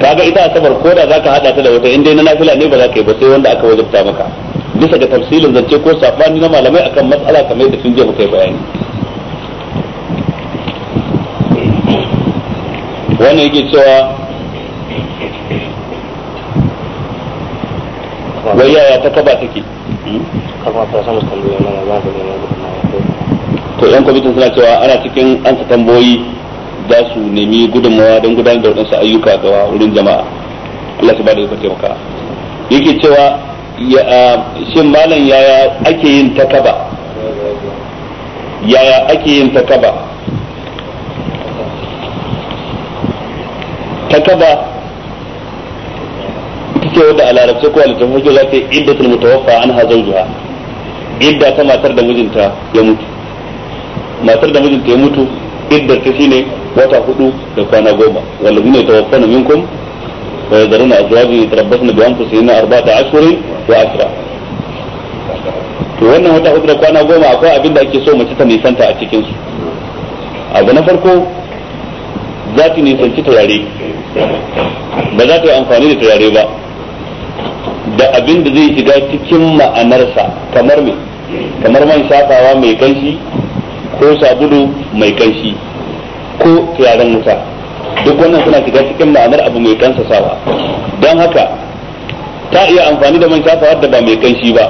kaga ita asabar ko da zaka hada ta da wata inda na nafila ne ba za ka yi ba sai wanda aka wajabta maka bisa ga tafsilin zance ko safani na malamai akan matsala kamar da sun je muka yi bayani wannan yake cewa wai yaya ta kaba take to yan kwamitin suna cewa ana cikin ansa tamboyi za su nemi gudunmawa don gudanar da waɗansu ayyuka ga wurin jama'a Allah su ba da yi taimaka yake cewa shin malam yaya ake yin takaba yaya ake yin takaba takaba ita ce wadda a larabce ko a littafin hujjo za ta yi iddatul mutawaffa an hazan zuwa idda ta matar da mijinta ya mutu matar da mijinta ya mutu iddar ta shine wata hudu da kwana goma ta wakon min kum wa yadruna azwajin yatarabbasna bi arba arba'ata ashirin wa asra to wannan wata hudu da kwana goma akwai abin da ake so mace ta nisanta a cikin su abu na farko za ta nisanci turare ba za ta yi amfani da turare ba da abin da zai shiga cikin ma'anarsa kamar mai kamar man shafawa mai kanshi ko sabulu mai kanshi ko turaren wuta duk wannan suna shiga cikin ma'anar abu mai kansa sawa don haka ta iya amfani da man shafawa da ba mai kanshi ba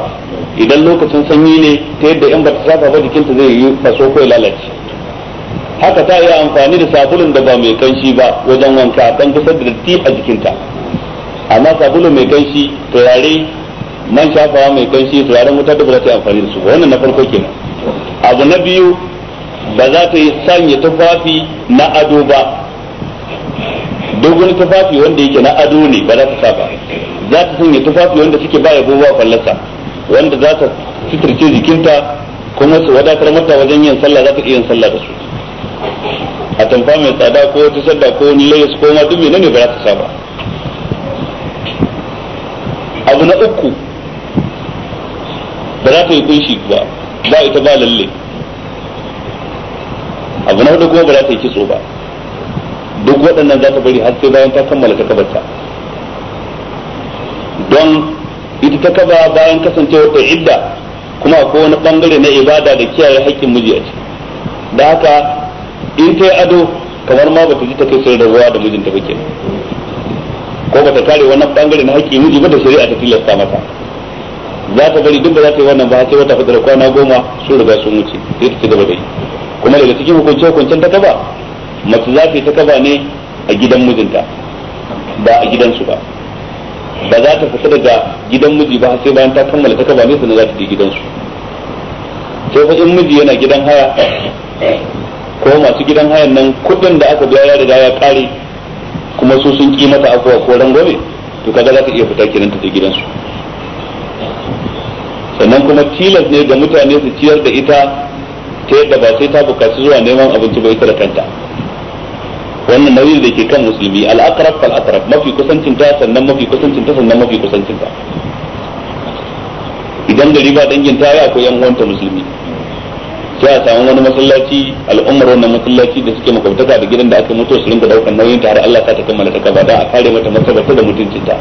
idan lokacin sanyi ne ta yadda in ba ta shafa ba jikinta zai yi faso ko lalace haka ta iya amfani da sabulun da ba mai kanshi ba wajen wanka don gusar da datti a jikinta amma sabulun mai kanshi turare man shafawa mai kanshi turaren wuta da ba za ta yi amfani da su wannan na farko kenan abu na biyu ba za ta yi sanya tufafi na ado ba duk wani tufafi wanda yake na ado ne ba za ta sa ba za ta sanya tufafi wanda suke ba yabo ba fallasa wanda za ta suturce jikinta kuma su wadatar mata wajen yin sallah za ta iya yin sallah da su a tamfa mai tsada ko ta sadda ko wani layas ko ma duk menene ba za ta sa ba abu na uku ba za ta yi kunshi ba ba ita ba lalle abu na hudu kuma ba za ta yi kitso ba duk waɗannan za ta bari har sai bayan ta kammala ta kabarta don ita ta kaba bayan kasancewar ta idda kuma akwai wani bangare na ibada da kiyaye haƙƙin miji a ciki da haka in ta yi ado kamar ma bata ji ta kai sai rabuwa da mijinta ba kenan ko bata kare wannan bangare na haƙƙin miji ba da shari'a ta tilasta mata za ta bari duk da za ta yi wannan ba sai wata hudu kwana goma sun riga sun wuce sai ta ci gaba da yi kuma daga cikin hukunce hukuncen ta kaba mace za ta yi ta kaba ne a gidan mijinta ba a gidansu ba ba za ta fita daga gidan miji ba sai bayan ta kammala ta kaba ne sannan za ta je gidansu sai fa in miji yana gidan haya ko masu gidan hayan nan kuɗin da aka biya ya riga ya kare kuma su sun ki mata abuwa ko rangwame to kaga za ta iya fita kenan ta je gidansu sannan kuma tilas ne ga mutane su ciyar da ita ta yadda ba sai ta bukaci zuwa neman abinci ba ita da kanta wannan nauyin da ke kan musulmi al'akarar fal mafi kusancin ta sannan mafi kusancin ta sannan mafi kusancin ta idan gari ba dangin ta ya ko yan uwanta musulmi sai a samu wani masallaci al'ummar wannan masallaci da suke makwabtaka da gidan da aka mutu su rinka daukar nauyin ta har Allah ta kammala ta gaba da a kare mata ta da mutuncin ta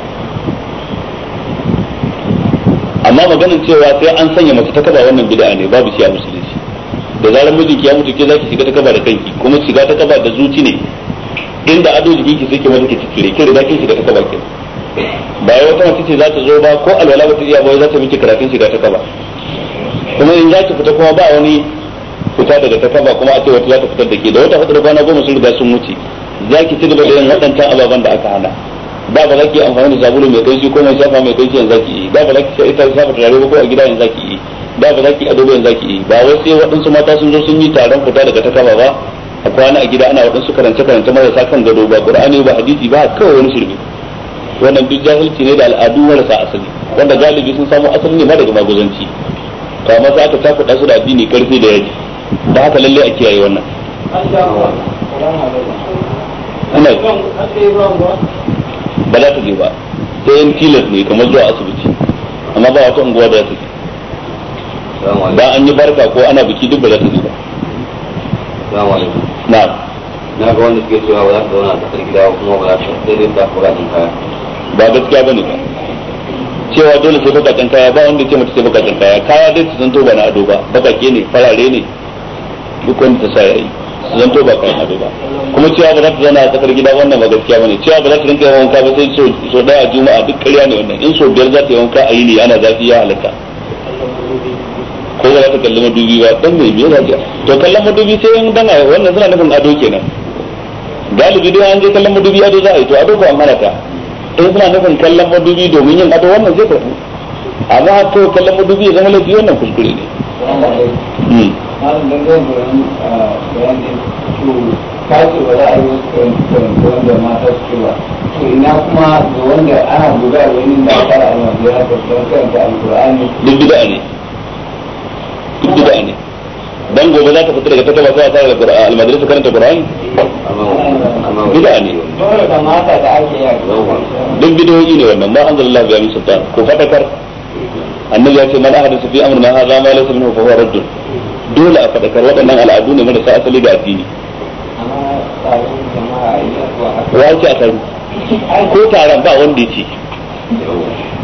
amma maganin cewa sai an sanya mace ta kaba wannan bid'a ne babu shi a musulmi da zarar mijinki ya mutu ke zaki shiga ta kaba da kanki kuma shiga ta kaba da zuci ne inda ado jikin ki sake wani ki tsire ki riga kin shiga ta kaba ke ba ya wata mace ce za ta zo ba ko alwala ba ta iya ba za ta miki karatun shiga ta kaba kuma in za ki fita kuma ba wani fita daga ta kaba kuma a ce wata za ta fitar da ke da wata fitar kwana goma sun riga sun mutu za ki ci gaba da yin waɗancan ababen da aka hana ba ba za ki amfani da sabulu mai kaishi ko mai shafa mai kaishi yanzu za ki yi ba ba za ki sha ita shafa turare ko a gida yanzu za ki yi da ba za ki ado ba yanzu ki yi eh. ba wai sai waɗansu mata sun zo sun yi taron fita daga ta kama ba a kwana a gida ana waɗansu karance karance marasa kan gado ba qur'ani ba hadisi ba kawai wani shirme wannan duk jahilci ne da al'adu marasa asali wanda galibi sun samu asali ne ma daga magozanci to amma za ka takuɗa su da addini karfi da yaji da haka lalle a kiyaye wannan ba za ta je ba sai yin tilas ne kamar zuwa asibiti amma ba wata unguwa da za ta je da an yi barka ko ana biki duk ba za ta ji ba na na ga wanda suke cewa ba za ta zauna a tsakar gida kuma ba za ta sai ta kura din kaya ba gaskiya ne ba cewa dole sai bakakin kaya ba wanda ce mata sai bakakin kaya kaya dai su zanto ba na ado ba bakake ne farare ne duk wanda ta sa yayi su zanto ba kayan ado ba kuma cewa ba za ta zauna a tsakar gida wannan ba gaskiya bane cewa ba za ta rinka yawan wanka ba sai so daya a juma'a duk ƙarya ne wannan in so biyar za ta yi wanka a yini ana zafi ya halatta ko za ka kalli madubi ba dan mai biyar hajiya to kallon madubi sai in dan wannan suna nufin ado kenan galibi dai an je kallon madubi ado za a yi to ado ko amana ta in suna nufin kallon madubi domin yin ado wannan zai karbi amma to kallon madubi zama wannan kuskure ne hmm. ah, kace ba za a yi wasu kuma da da da aka duk bid'a ne dan gobe za fita daga sai ga karanta bid'a ne duk bid'o'i ne wannan ma anzalallahu bi sultan ko fadakar annabi ya ce man ahadasa fi amrina hadha ma laysa minhu fa huwa radd dole a fadakar waɗannan al'adu ne marasa asali da addini wa ake a taru ko taron ba wanda ya ce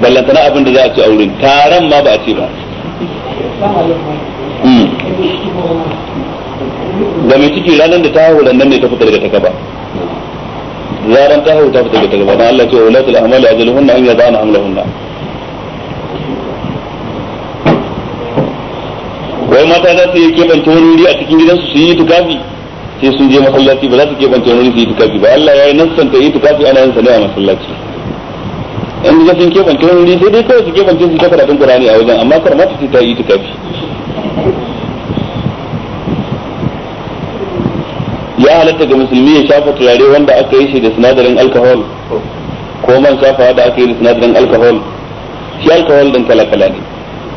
ballantana abin da za a ce a wurin taron ma ba a ce ba da mai ciki ranar da ta haihu nan ne ta fita daga ta gaba zaran ta haihu ta fita daga ta gaba dan Allah ce wa latul amali ajaluhunna an yadana hunna wai mata za su yi kebance wani wuri a cikin gidansu su yi tukafi sai sun je masallaci ba za su kebance wani wuri su yi tukafi ba Allah ya yi ta yi tukafi ana yin sana'a masallaci in da sun kebance wani wuri sai dai kawai su kebance su ta karatun Qur'ani a wajen amma karmata ce ta yi tukafi ya halatta ga musulmi ya shafa turare wanda aka yi shi da sinadarin alkohol ko man shafawa da aka yi da sinadarin alkohol shi alkohol din kala kala ne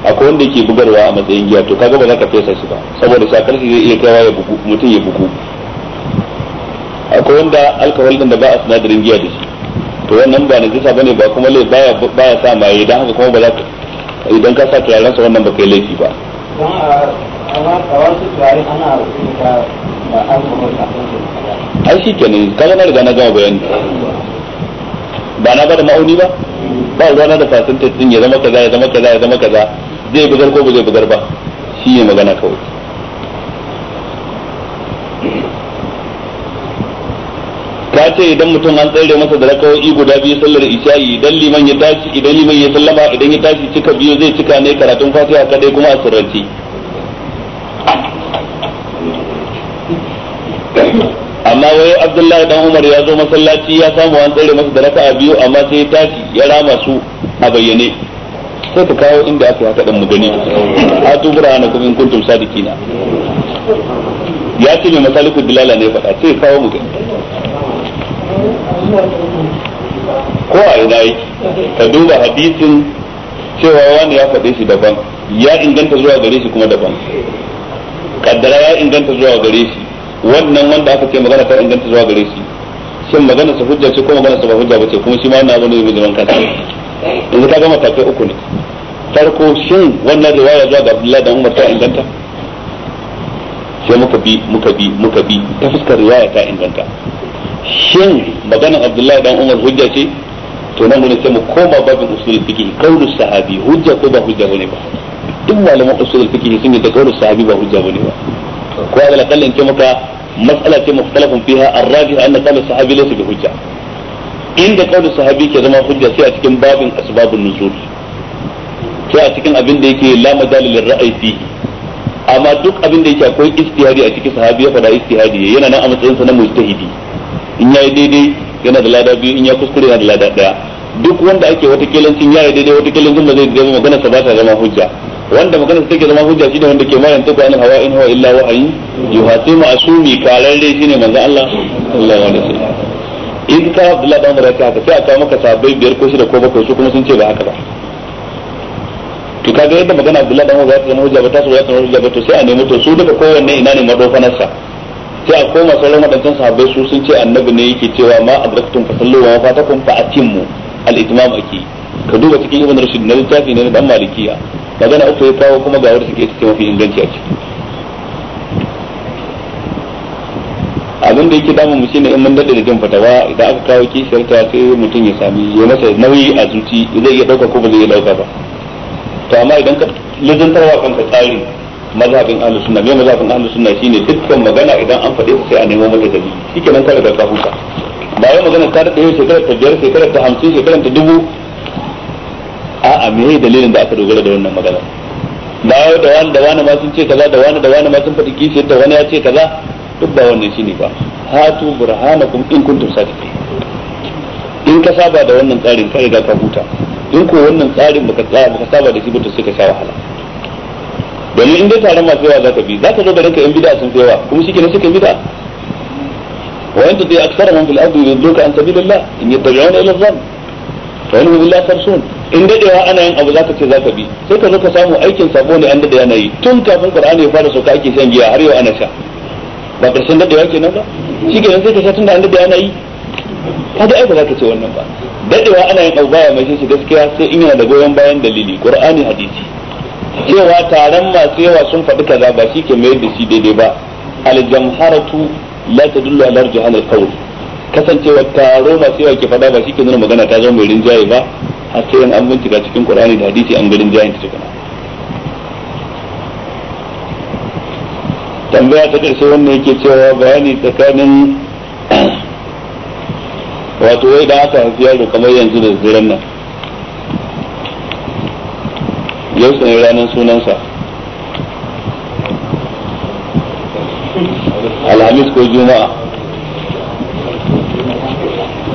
akwai wanda yake bugarwa a matsayin giya to kaga ba za ka fesa shi ba saboda shakar shi zai iya kaiwa ya bugu mutum ya bugu akwai wanda alkohol din da ba a sinadarin giya da shi to wannan ba najisa ne ba kuma lai baya baya sa maye dan haka kuma ba za ka idan ka sa turaren sa wannan ba kai laifi ba a wasu turare ana ai shi ne kaga na riga na gama bayani ba na bada ma'auni ba ba ruwana da fasin din ya zama kaza ya zama kaza ya zama kaza zai bugar ko ba zai bugar ba shi ne magana kawai ka ce idan mutum an tsere masa da rakawoyi guda biyu sallar isha'i idan liman ya tashi idan liman ya sallama idan ya tashi cika biyu zai cika ne karatun fatiha kadai kuma a sirrance amma wai abdullahi dan umar ya zo masallaci ya samu an tsere masa da raka'a biyu amma sai ya tashi ya rama su a bayyane sai ta kawo inda aka haka dan mu gani a tubura na kuma in kuntum sadikina ya ce mai masaliku bilala ne faɗa sai kawo mu gani ko a ina yi ka duba hadisin cewa wani ya faɗe shi daban ya inganta zuwa gare shi kuma daban kaddara ya inganta zuwa gare shi wannan wanda aka ce magana ta inganta zuwa gare shi shin magana sa hujja ce ko magana sa ba hujja ba ce kuma shi ma wannan abu ne mai zaman kansa yanzu ka gama takai uku ne farko shin wannan riwaya zuwa ga Abdullahi dan Umar ta inganta sai muka bi muka bi muka bi ta fuskar riwaya ta inganta shin maganar Abdullahi dan Umar hujja ce to nan gurin sai mu koma babin usul fiqh kaulu sahabi hujja ko ba hujja bane ba duk malaman usul fiqh sun yi da kaulu sahabi ba hujja bane ba ko ala kallan ke maka mas'ala ce mukhtalafun fiha ar-rajih anna qawl sahabi laysa bi hujja inda qawl sahabi ke zama hujja sai a cikin babin asbabun nuzul sai a cikin abin da yake la majal lil ra'yi fihi amma duk abin da yake akwai istihadi a cikin sahabi ya fada istihadi yana nan a matsayin sa na mujtahidi in yayi daidai yana da lada biyu in ya kuskure yana da lada daya duk wanda ake wata kelancin yayi daidai wata kelancin ba zai zama magana sa ba ta zama hujja wanda magana ke zama hujja shine wanda ke mayan tuku anil hawa in huwa illa wahayi yuhasi ma asumi kararre shine manzo Allah sallallahu alaihi wasallam in ka Abdullah da Umar ka sai aka maka sabai biyar ko shida ko bakwai su kuma sun ce ba haka ba to kaga yadda magana Abdullah da Umar ta zama hujja ba ta so ya ta hujja ba to sai a nemi to su duka kowanne ina ne madofanarsa sai a koma sauran wadancan sahabbai su sun ce annabi ne yake cewa ma adraktum fasallu wa fatakum fa atimmu al-itmam ake ka duba cikin ibn rashid na littafi ne na dan malikiya magana uku ya kawo kuma ga wanda suke cikin mafi inganci a ciki abin da yake damu mu shine in mun dade da jin fatawa idan aka kawo kishiyar ta sai mutum ya sami ya masa nauyi a zuci zai iya dauka ko ba zai iya dauka ba to amma idan ka lazantarwa kanka tsari mazhabin ahlus sunna me mazhabin ahlus sunna shine dukkan magana idan an fade ta sai a nemo mata dalili shikenan kada ka huta ba wai magana ta dade shekarar ta biyar shekarar ta hamsin shekarar ta dubu a'a me dalilin da aka dogara da wannan magana dawo da wani da wani ma sun ce kaza da wani da wani ma sun faɗi kishi da wani ya ce kaza duk ba wannan shine ba hatu burhanakum in kuntum sadiqin in ka saba da wannan tsarin kai riga ka huta in ko wannan tsarin baka tsaya baka saba da shi ba to sai ka sha wahala domin in dai taron masu yawa zaka bi zaka zo da ranka yan bid'a sun fi yawa kuma shi ne suka bid'a wa anta bi aktsara man fil ardi yudduka an sabilillah in yattabi'una ila dhann fa yanhu billahi sun in dadewa ana yin abu zaka ce zaka bi sai ka zo ka samu aikin sabo ne an dade yana yi tun kafin qur'ani ya fara sauka ake shan giya har yau ana sha ba karshen dadewa kenan ba shi ke sai ka sha tun da an dade yana yi kaga ai ba zaka ce wannan ba dadewa ana yin abu baya mai shi gaskiya sai in yana da goyon bayan dalili qur'ani hadisi cewa taron masu yawa sun faɗi kaza ba shi ke mayar da shi daidai ba aljamharatu la tadullu ala rujhan alqawl kasancewar taro masu yawa ke fada ba shi ke nuna magana ta zama mai rinjaye ba har sai an bincika cikin qur'ani da hadisi an ga rinjayen ta tukuna tambaya ta karshe wannan yake cewa bayani tsakanin wato wai da aka haifi yaro kamar yanzu da zuran nan yau sanar ranar sunansa alhamis ko juma'a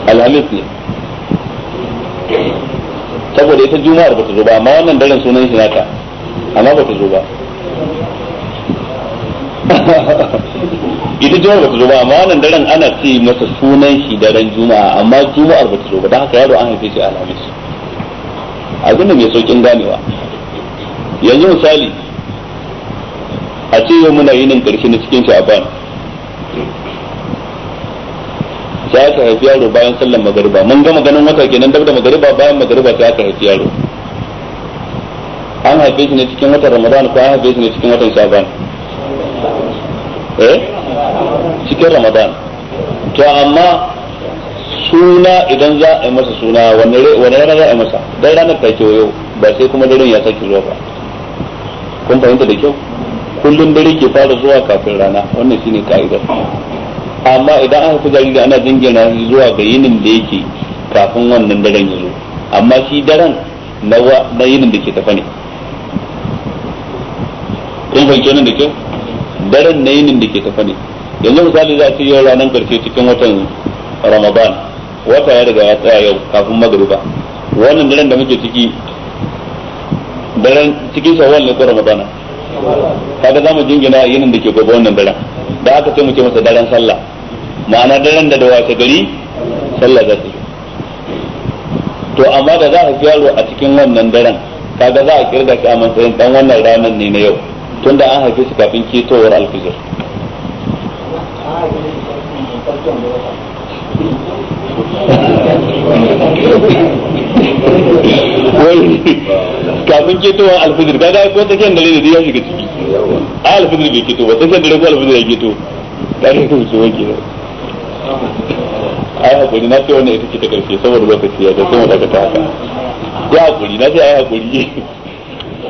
alhamis ne saboda ita juma'ar ba ta zo ba amma wannan daren sunan shi naka amma ba ta zo ba ita juma'ar ba ta zo ba amma wannan daren ana ce masa sunan shi daren juma'a amma juma'ar ba ta zo ba don haka yaro an haife shi alhamis a da mai saukin ganewa yanzu misali a ce yau muna yinin karshe na cikin sha'aban sai aka haifi yaro bayan sallan magariba mun gama ganin wata kenan dab da magariba bayan magariba sai aka haifi yaro an haife shi ne cikin watan ramadan ko an haife shi ne cikin watan shaban eh cikin ramadan to amma suna idan za a yi masa suna wani rana za a yi masa dai ranar ta kewayo ba sai kuma daren ya sake zuwa ba kun fahimta da kyau kullum dare ke fara zuwa kafin rana wannan shine ka'idar amma idan aka fi da ana jingina shi zuwa ga yinin da yake kafin wannan daren ya zo amma shi daren na yinin da ke tafa ne kun fahimci nan da kyau daren na yinin da ke tafa ne yanzu misali za a ce yau ranar karshe cikin watan ramadan wata ya riga ya tsaya yau kafin magruba wannan daren da muke ciki daren cikin shawwal ne ko ramadana kaga zamu jingina yinin da ke gaba wannan daren da aka ce muke masa daren sallah ma'ana daren da da wace gari sallah za ta to amma da za a fi yaro a cikin wannan daren kaga za a kirga shi a matsayin dan wannan ranar ne na yau tunda an haife shi kafin ketowar alfijir kafin ketowar alfijir kaga ko ta tsakiyar dare da ya shiga ciki a alfijir bai keto ba ta tsakiyar dare ko alfijir ya keto kaga ko ce wanke ai hakuri na ce wannan ita ce ta karshe saboda lokaci ya ga sai mu ta haka ya hakuri na ce ai hakuri ne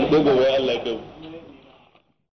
gobe Allah ya